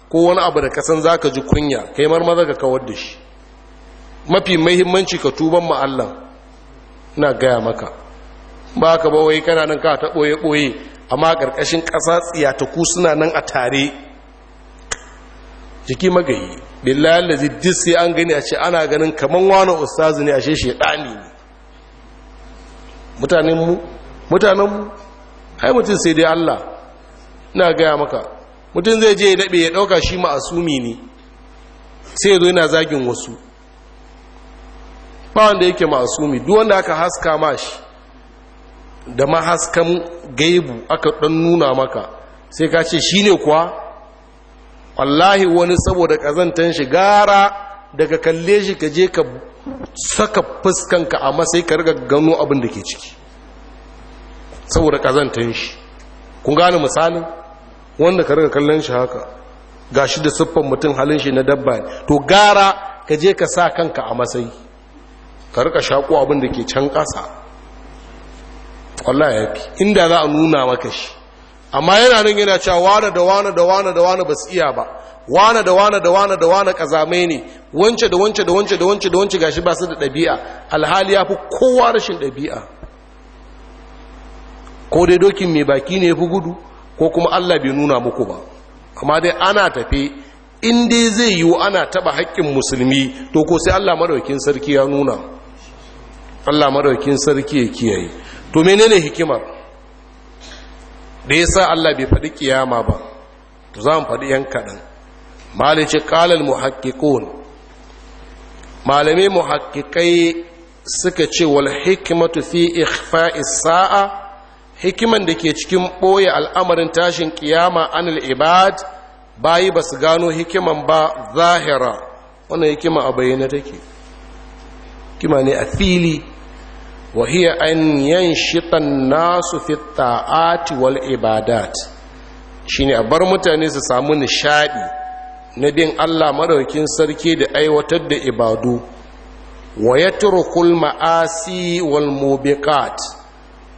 ko wani abu da kasan zaka ji kunya kai marmaza ka kawar da shi mafi mahimmanci ka tuban ma Allah ina gaya maka ba ka ba wai kana nan ka ta boye boye amma karkashin ƙasa tsiyataku suna nan a tare jiki magayi billahi allazi duk sai an gani a ce ana ganin kaman wani ustazi ne ashe shedani ne mutanen mutanen ai mutum sai dai Allah na gaya maka mutum zai je ya daɓe ya ɗauka shi ma'asumi ne sai ya zo yana zagin wasu ba wanda yake ma'asumi duk wanda aka haska mashi da mahaskan gaibu aka ɗan nuna maka sai ka ce shi ne kuwa wallahi wani saboda ƙazantar shi gara daga kalle shi ka je ka saka fuskanka amma sai ka riga gano abin da ke ciki saboda kazantan shi kun gane misalin wanda ka riga kallon shi haka gashi da siffan mutum halin shi na dabba to gara ka je ka sa kanka a matsayi ka rika shako abin da ke can ƙasa wallahi yafi inda za a nuna maka shi amma yana nan yana cewa wane da wane da wane da wane ba su iya ba wane da wane da wane da wane kazamai ne wance da wance da wance da wance da wance gashi ba su da ɗabi'a alhali ya fi kowa rashin ɗabi'a ko dai dokin mai baki ne fi gudu ko kuma allah bai nuna muku ba amma dai ana tafe in dai zai yiwu ana taba haƙƙin musulmi to ko sai allah madaukin sarki ya nuna allah maɗaukin sarki ya kiyaye to menene hikimar da ya sa allah bai faɗi kiyama ba to za mu faɗi yan kaɗan malin ce ƙalal muhakkikun malamai muhakkikai suka ce wal hikimatu fi ikhfa'i sa'a hikiman da ke cikin ɓoye al'amarin tashin ƙiyama anil ibad bayi ba su gano hikiman ba zahira wannan hikima a bayyana take hikima ne a fili wahiyar an yan shiɗan nasu fita'ati wal ibadat shi a bar mutane su samu nishaɗi na bin allah maraukin sarki da aiwatar da ibadu wa ya turukul ma'asi wal mubiqat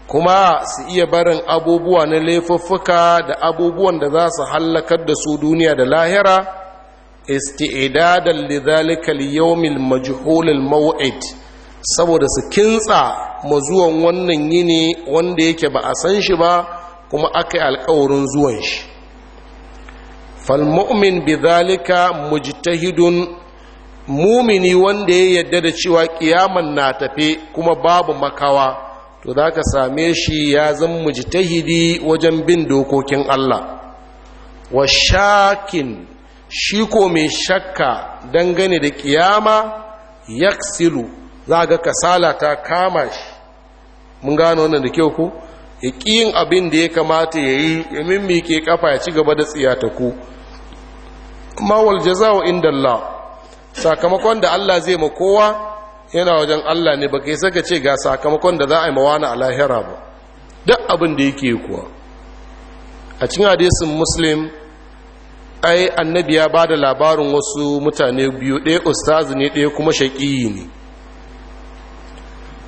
kuma su iya barin abubuwa na laifuffuka da abubuwan da za su hallakar da su duniya da lahira isti'idadan lidhalika al-yawmil majhul mawid saboda su ma zuwan wannan yini wanda yake ba a san shi ba kuma aka yi alkawarin zuwan shi falmu'min bidhalika mujtahidun mumini wanda ya yadda da cewa kiyaman na tafe kuma babu makawa to za ka same shi ya zan tahidi wajen bin dokokin Allah wa shakin shi ko mai shakka dangane da kiyama silu za ga kasala ta kama shi mun gano wannan da kyau ku ya yin abin da ya kamata ya yi ya mimmike kafa ya ci gaba da tsiyataku mawal wa inda Allah sakamakon da Allah zai ma kowa yana wajen Allah ne baka kai saka ce ga sakamakon da za a yi mawana a lahira ba duk abin da yake kuwa a cikin hadisin muslim ai annabi ya ba da labarin wasu mutane biyu ɗaya ustazi ne ɗaya kuma shaƙiyi ne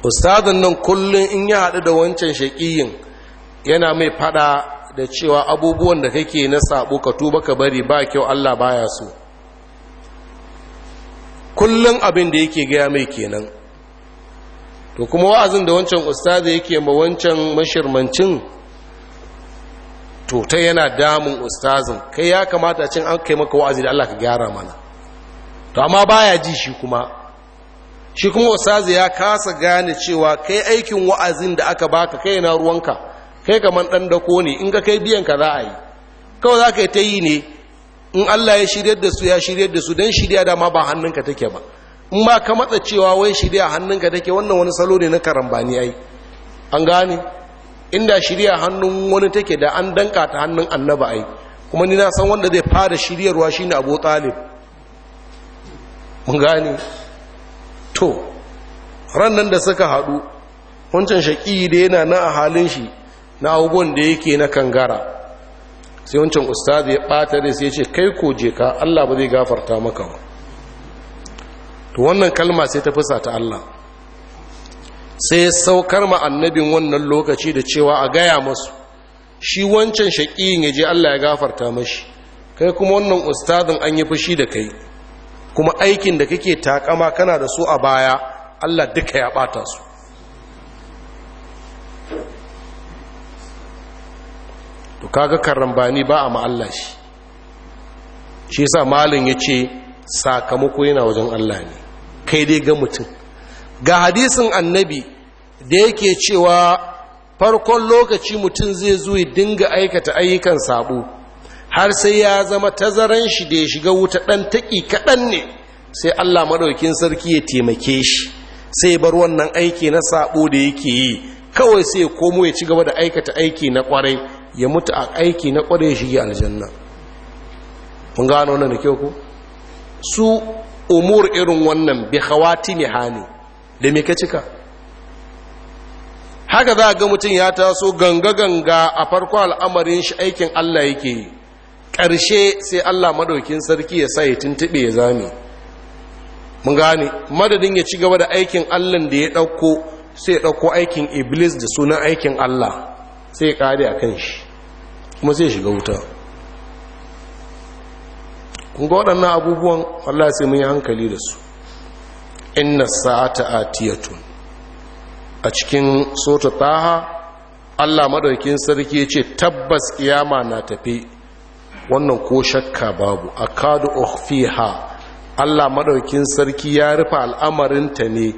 ustazin nan kullum in ya haɗu da wancan shaƙiyin yana mai faɗa da cewa abubuwan da kake na sabo ka tuba ka bari ba kyau Allah baya so kullum abin da yake gaya mai kenan to kuma wa'azin da wancan ustazi yake ma wancan mashirmancin to ta yana damun ustazin kai ya kamata cin an kai maka wa'azi da Allah ka gyara mana to amma baya ji shi kuma shi kuma ustazi ya kasa gane cewa kai aikin wa'azin da aka baka kai na ruwanka kai kamar ɗan dako ne in ka kai biyan ka za a yi kawai za ka yi ta yi ne in Allah ya shiryar da su ya shiryar da su don shirya dama ba hannunka take ba in ba ka matsa cewa wai shirya hannunka take wannan wani salo ne na karambani ai an gane inda shirya hannun wani take da an danka ta hannun annaba ai kuma ni na san wanda zai fara shiryarwa shine Abu Talib mun gane to ran nan da suka hadu wancan shaki da yana na halin shi na abubuwan da yake na kangara sai wancan ustazi ya bata da sai ce kai ko je ka Allah ba zai gafarta maka ba to wannan kalma sai ta fusa ta Allah sai ya saukar ma annabin wannan lokaci da cewa a gaya masu shi wancan shaƙiyin ya je Allah ya gafarta mashi kai kuma wannan ustazin an yi fushi da kai kuma aikin da kake takama kana da su a baya Allah duka ya bata su to kaga karambani ba a ma'alla shi shi sa malin ya ce sakamako yana wajen Allah ne kai dai ga mutum ga hadisin annabi da yake cewa farkon lokaci mutum zai zo ya dinga aikata ayyukan sabo har sai ya zama tazaran shi da ya shiga wuta ɗan taƙi kaɗan ne sai Allah maɗaukin sarki ya taimake shi sai bar wannan aiki na sabo da yake yi kawai sai ya komo ya ci gaba da aikata aiki na ƙwarai. ya mutu a aiki na kware shige aljanna mun gano wannan da kyau ku su umur irin wannan bi ne hani, da me ka cika haka za a ga mutum ya taso ganga ganga a farko al'amarin shi aikin Allah yake yi karshe sai Allah madaukin sarki ya sa ya tuntube ya zame mun gane madadin ya ci gaba da aikin Allah da ya ɗauko sai ya ɗauko aikin iblis da sunan aikin Allah sai ya kare a kan shi kuma zai shiga wuta kunga waɗannan abubuwan Allah sai mun yi hankali da su inna sa'ata atiyatun a cikin sota taha Allah madaukin sarki yace tabbas kiyama na tafi wannan ko shakka babu akadu ukhfiha Allah madaukin sarki ya rufe al'amarinta ne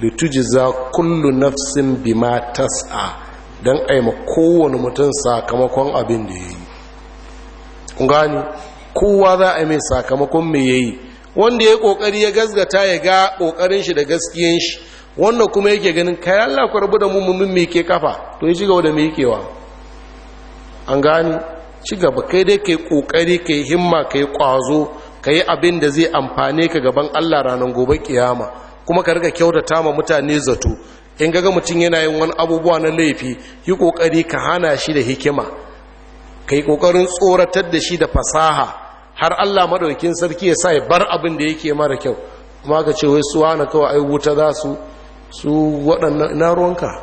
litujza kullu nafsin bima tas'a don aima kowane mutum sakamakon abin da ya yi gani kowa za a mai sakamakon mai ya yi wanda ya kokari ya gasgata ya ga kokarin shi da gaskiyan shi wanda kuma yake ganin kayan lakwar buda da mu ke kafa to ya shiga da me kewa an gani ci gaba kai dai kai kokari kai himma kai kwazo kai abin da zai amfane ka gaban Allah ranar gobe kiyama kuma ka riga kyautata ma mutane zato in gaga mutum yana yin wani abubuwa na laifi yi kokari ka hana shi da hikima ka yi kokarin tsoratar da shi da fasaha har Allah madaukin sarki ya sa ya bar abin da yake mara kyau kuma ka ce wai suwa na kawai ai wuta za su su waɗannan ina ruwanka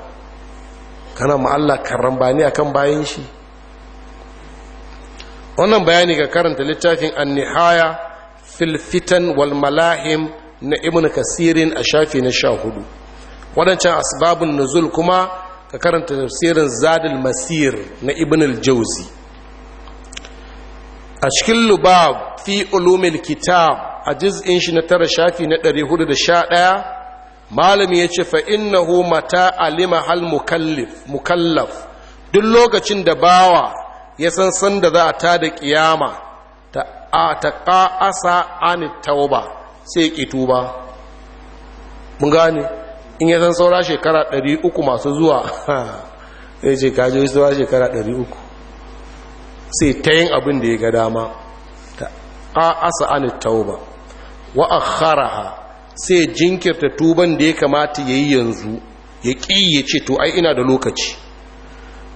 kana ma Allah karambani akan bayan shi wannan bayani ga karanta littafin an-nihaya fil fitan wal malahim na ibn kasirin a shafi na sha hudu waɗancan asbabun nuzul kuma ka karanta tafsirin zadil masir na ibn al-jauzi a cikin lubab fi ulumil kitab a juz'in shi na tara shafi na 411 malami ya ce fa innahu mata alima hal mukallif mukallaf duk lokacin da bawa ya san sanda za a ta da kiyama ta ƙa'asa an tauba sai ya ƙi tuba mun gane in ya san saura shekara 300 masu zuwa ya ce kaji saura shekara 300 sai ta yin abin da ya ga dama ta asa an tauba wa sai jinkirta tuban da ya kamata ya yi yanzu ya ƙi ya ce to ai ina da lokaci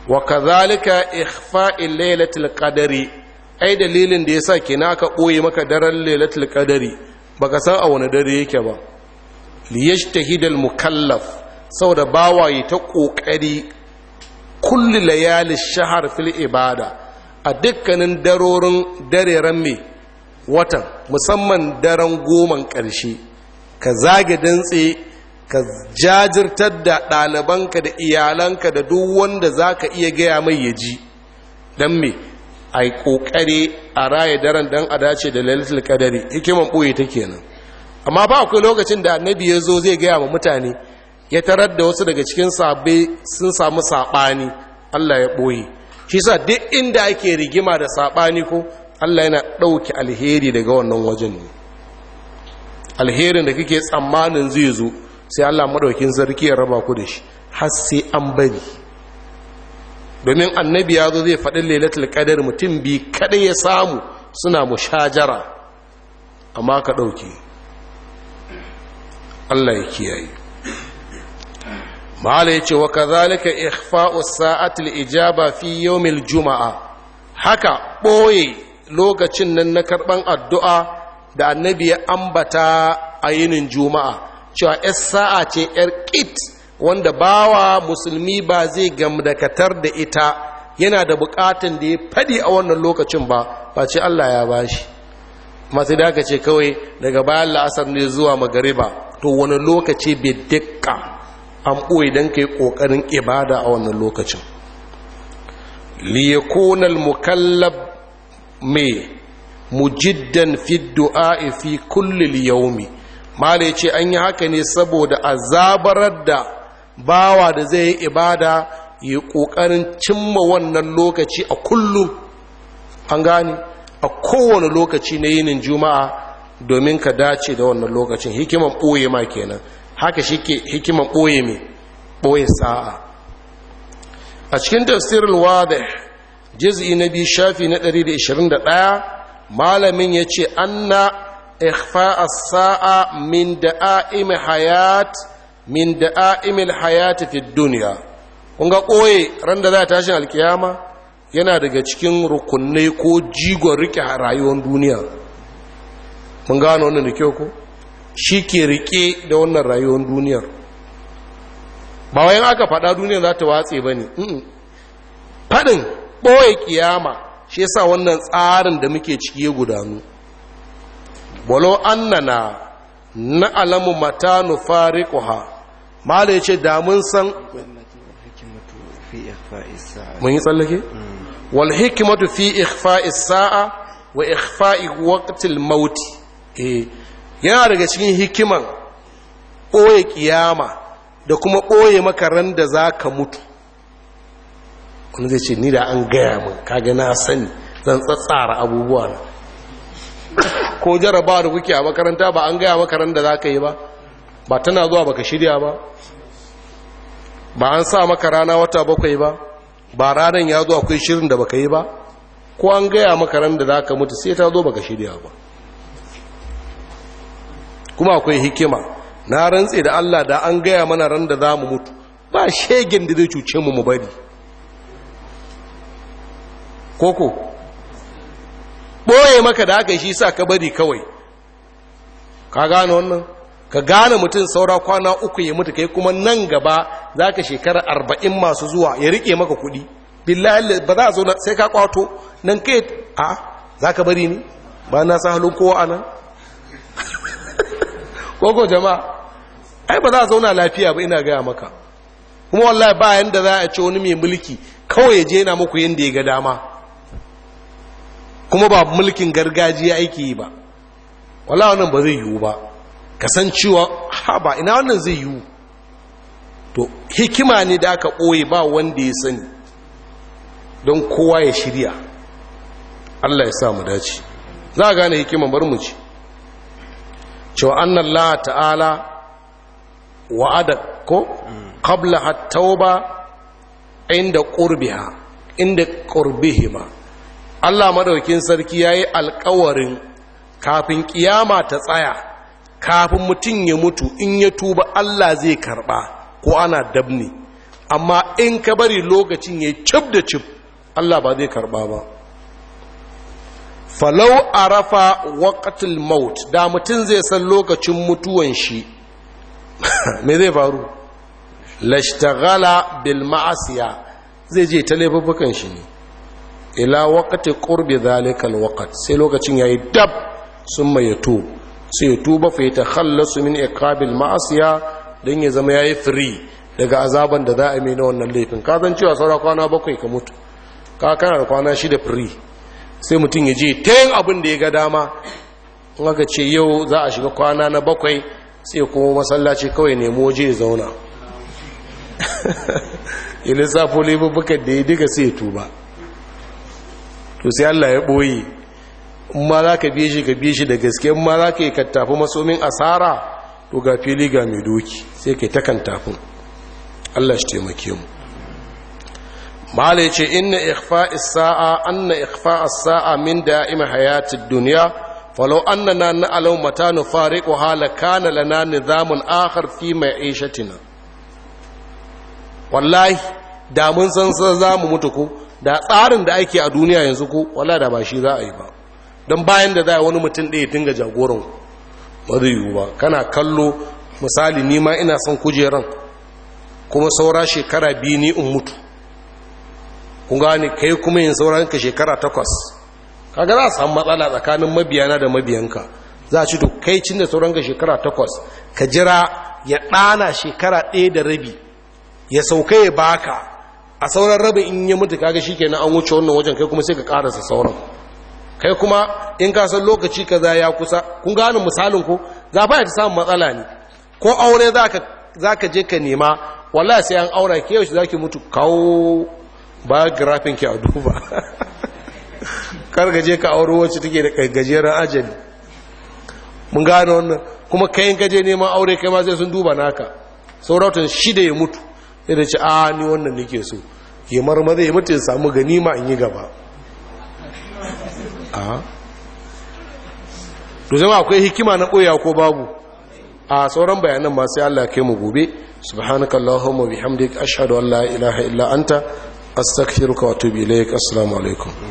wa kazalika ikhfa'il lailatul qadari ai dalilin da yasa kina ka ɓoye maka daren lailatul qadari baka san a wani dare yake ba liyajtahid al-mukallaf saboda bawaye ta kokari kulli layali shahar fil ibada a dukkanin darorin dareren mai watan musamman daren goman ƙarshe ka zage dantse ka jajirtar da ɗalibanka da iyalanka da duk wanda za ka iya gaya mai ya ji don me a yi ƙoƙari a raya daren dan a dace da lalitul kadari hikiman ɓoye ta kenan amma ba akwai lokacin da annabi ya zo zai gaya wa mutane ya tarar da wasu daga cikin sabai sun samu saɓani allah ya ɓoye shi sa duk inda ake rigima da saɓani ko allah yana ɗauki alheri daga wannan wajen ne alherin da kake tsammanin zai zo sai allah maɗaukin sarki ya raba ku da shi har sai an bari domin annabi ya zo zai faɗin lailatul qadar mutum bi kaɗai ya samu suna mu mushajara amma ka ɗauke Allah ya kiyaye mala ce wa kazalika ikhfa'u sa'atil ijaba fi yawmil juma'a haka boye lokacin nan na karban addu'a da annabi ya ambata a yinin juma'a cewa ‘yar sa'a ce ‘yar kit wanda bawa musulmi ba zai gamdakatar da ita yana da bukatan da ya fadi a wannan lokacin ba ba ce Allah ya bashi masu da aka ce kawai daga bayan la'asar ne zuwa magariba to wani lokaci bai dukka an ɓoye don ka yi ƙoƙarin ibada a wannan lokacin liyakunal mukallab mai mujiddan fi du'a fi kulli yaumi mala yace an yi haka ne saboda azabarar da bawa da zai yi ibada yi ƙoƙarin cimma wannan lokaci a kullum an gane a kowane lokaci na yinin juma'a domin ka dace da wannan lokacin hikiman ɓoye ma kenan haka shi ke hikiman ɓoye mai ɓoye sa'a a cikin tafsirin wada jiz'i na biyu shafi na 121 malamin ya ce anna ikhfa sa'a min da'a'im hayat min da'a'im hayat fi duniya kun ga ran da za ta tashin alkiyama yana daga cikin rukunai ko jigon rike rayuwar duniya mun gano wannan da kyau ko shi ke rike da wannan rayuwar duniyar ba wayan aka faɗa duniyar za ta watse ba ne faɗin ɓoye kiyama shi yasa wannan tsarin da muke ciki ya gudanu bolo annana na alamu mata nufariƙuha ma da ya ce damun san mun yi tsallake? Mm. wal hikmatu fi ikhfa'i sa'a wa ikhfa'i waqtil maut eh yana daga cikin hikiman ɓoye kiyama da kuma ɓoye maka ran da za ka mutu wani zai ce ni da an gaya min kaga na sani zan tsatsara abubuwa na ko jaraba da kuke a makaranta ba an gaya makaran da za ka yi ba ba tana zuwa baka shirya ba ba an sa maka rana wata bakwai ba ba ranar ya zo akwai shirin da baka yi ba ko an gaya maka ran da zaka mutu sai ta zo baka shirya ba kuma akwai hikima na rantse da Allah da an gaya mana ran da zamu mutu ba shegen da zai cuce mu mu bari koko boye maka da aka shi sa ka bari kawai ka gano wannan ka gane mutum saura kwana uku ya mutu kai kuma nan gaba za ka shekara arba'in masu zuwa ya riƙe maka kuɗi billahi ba za a zo sai ka kwato nan kai a za ka bari ni ba na sa halin kowa a nan koko jama'a ai ba za a zauna lafiya ba ina gaya maka kuma wallahi ba yanda za a ci wani mai mulki kawai ya je yana muku yadda ya ga dama kuma ba mulkin gargajiya aiki ba wallahi wannan ba zai yiwu ba kasancewa haba ina wannan zai yiwu to hikima ne da aka ɓoye ba wanda ya sani don kowa ya shirya allah ya sa mu dace za a gane hikima bar mu ci cewa annan la ta'ala wa'ada ko qabla hattauba inda qurbiha inda Allah madaukin sarki ya yi alƙawarin kafin ƙiyama ta tsaya kafin mutum ya mutu in ya tuba Allah zai karba ko ana dabni amma in ka bari lokacin ya cib da cib Allah ba zai karba ba falau arafa waqtul maut da mutum zai san lokacin mutuwan shi me zai faru lashtaghala bil ma'asiya zai je ta laifukan shi ne ila waqti qurbi zalikal waqt sai lokacin yayi dab summa yatub sai ya tuba fa ya takhallasu min iqabil ma'asiya dan ya zama yayi free daga azaban da za a mai na wannan laifin ka san cewa saura kwana bakwai ka mutu ka kana da kwana shida free sai mutum ya je ta yin abin da ya ga dama in aka ce yau za a shiga kwana na bakwai sai kuma masallaci kawai nemo waje ya zauna ya lissafo laifuffukan da ya diga sai ya tuba to sai Allah ya ɓoye in ma za ka biye shi ka biye shi da gaske ma za ka yi kattafi masomin asara to ga fili ga mai doki sai ka yi ta kantafin allah shi taimake mu malai ce inna ikfa sa'a anna ikfa sa'a min da'im hayatid dunya فلو أننا نعلم hala kana lana لنا نظام آخر في معيشتنا والله da mun san za mu mutu ko da tsarin da ake a duniya yanzu ko wala da ba shi za a yi ba don bayan da za wani mutum ɗaya dinga jagoran ba zai yiwu ba kana kallo misali nima ina son kujeran kuma saura shekara biyu ni in mutu kun gane kai kuma yin sauran ka shekara takwas kaga za a samu matsala tsakanin mabiyana da mabiyanka za a ci to kai cin da sauran ka shekara takwas ka jira ya ɗana shekara ɗaya da rabi ya sauka ya baka a sauran rabin in ya mutu kaga shi kenan an wuce wannan wajen kai kuma sai ka ƙarasa sauran kai kuma in ka san lokaci kaza ya kusa kun gane misalin ko za fa ta samu matsala ne ko aure za ka je ka nema wallahi sai an aura ke yau zaki mutu kawo biographin ki a duba Kar ka auro wacce take da gajeren ajali mun gane wannan kuma kai in ka je neman aure kai ma sai sun duba naka Sauratan shida ya mutu sai da ci a ah, ni wannan nake so ya marmaza ya mutu ya samu ganima in yi gaba a to akwai hikima na ɓoya ko babu a sauran bayanan masu Allah ke mu gobe subhanaka wa bihamdik ashadu an la ilaha illa anta astaghfiruka wa atubu ilaik assalamu alaikum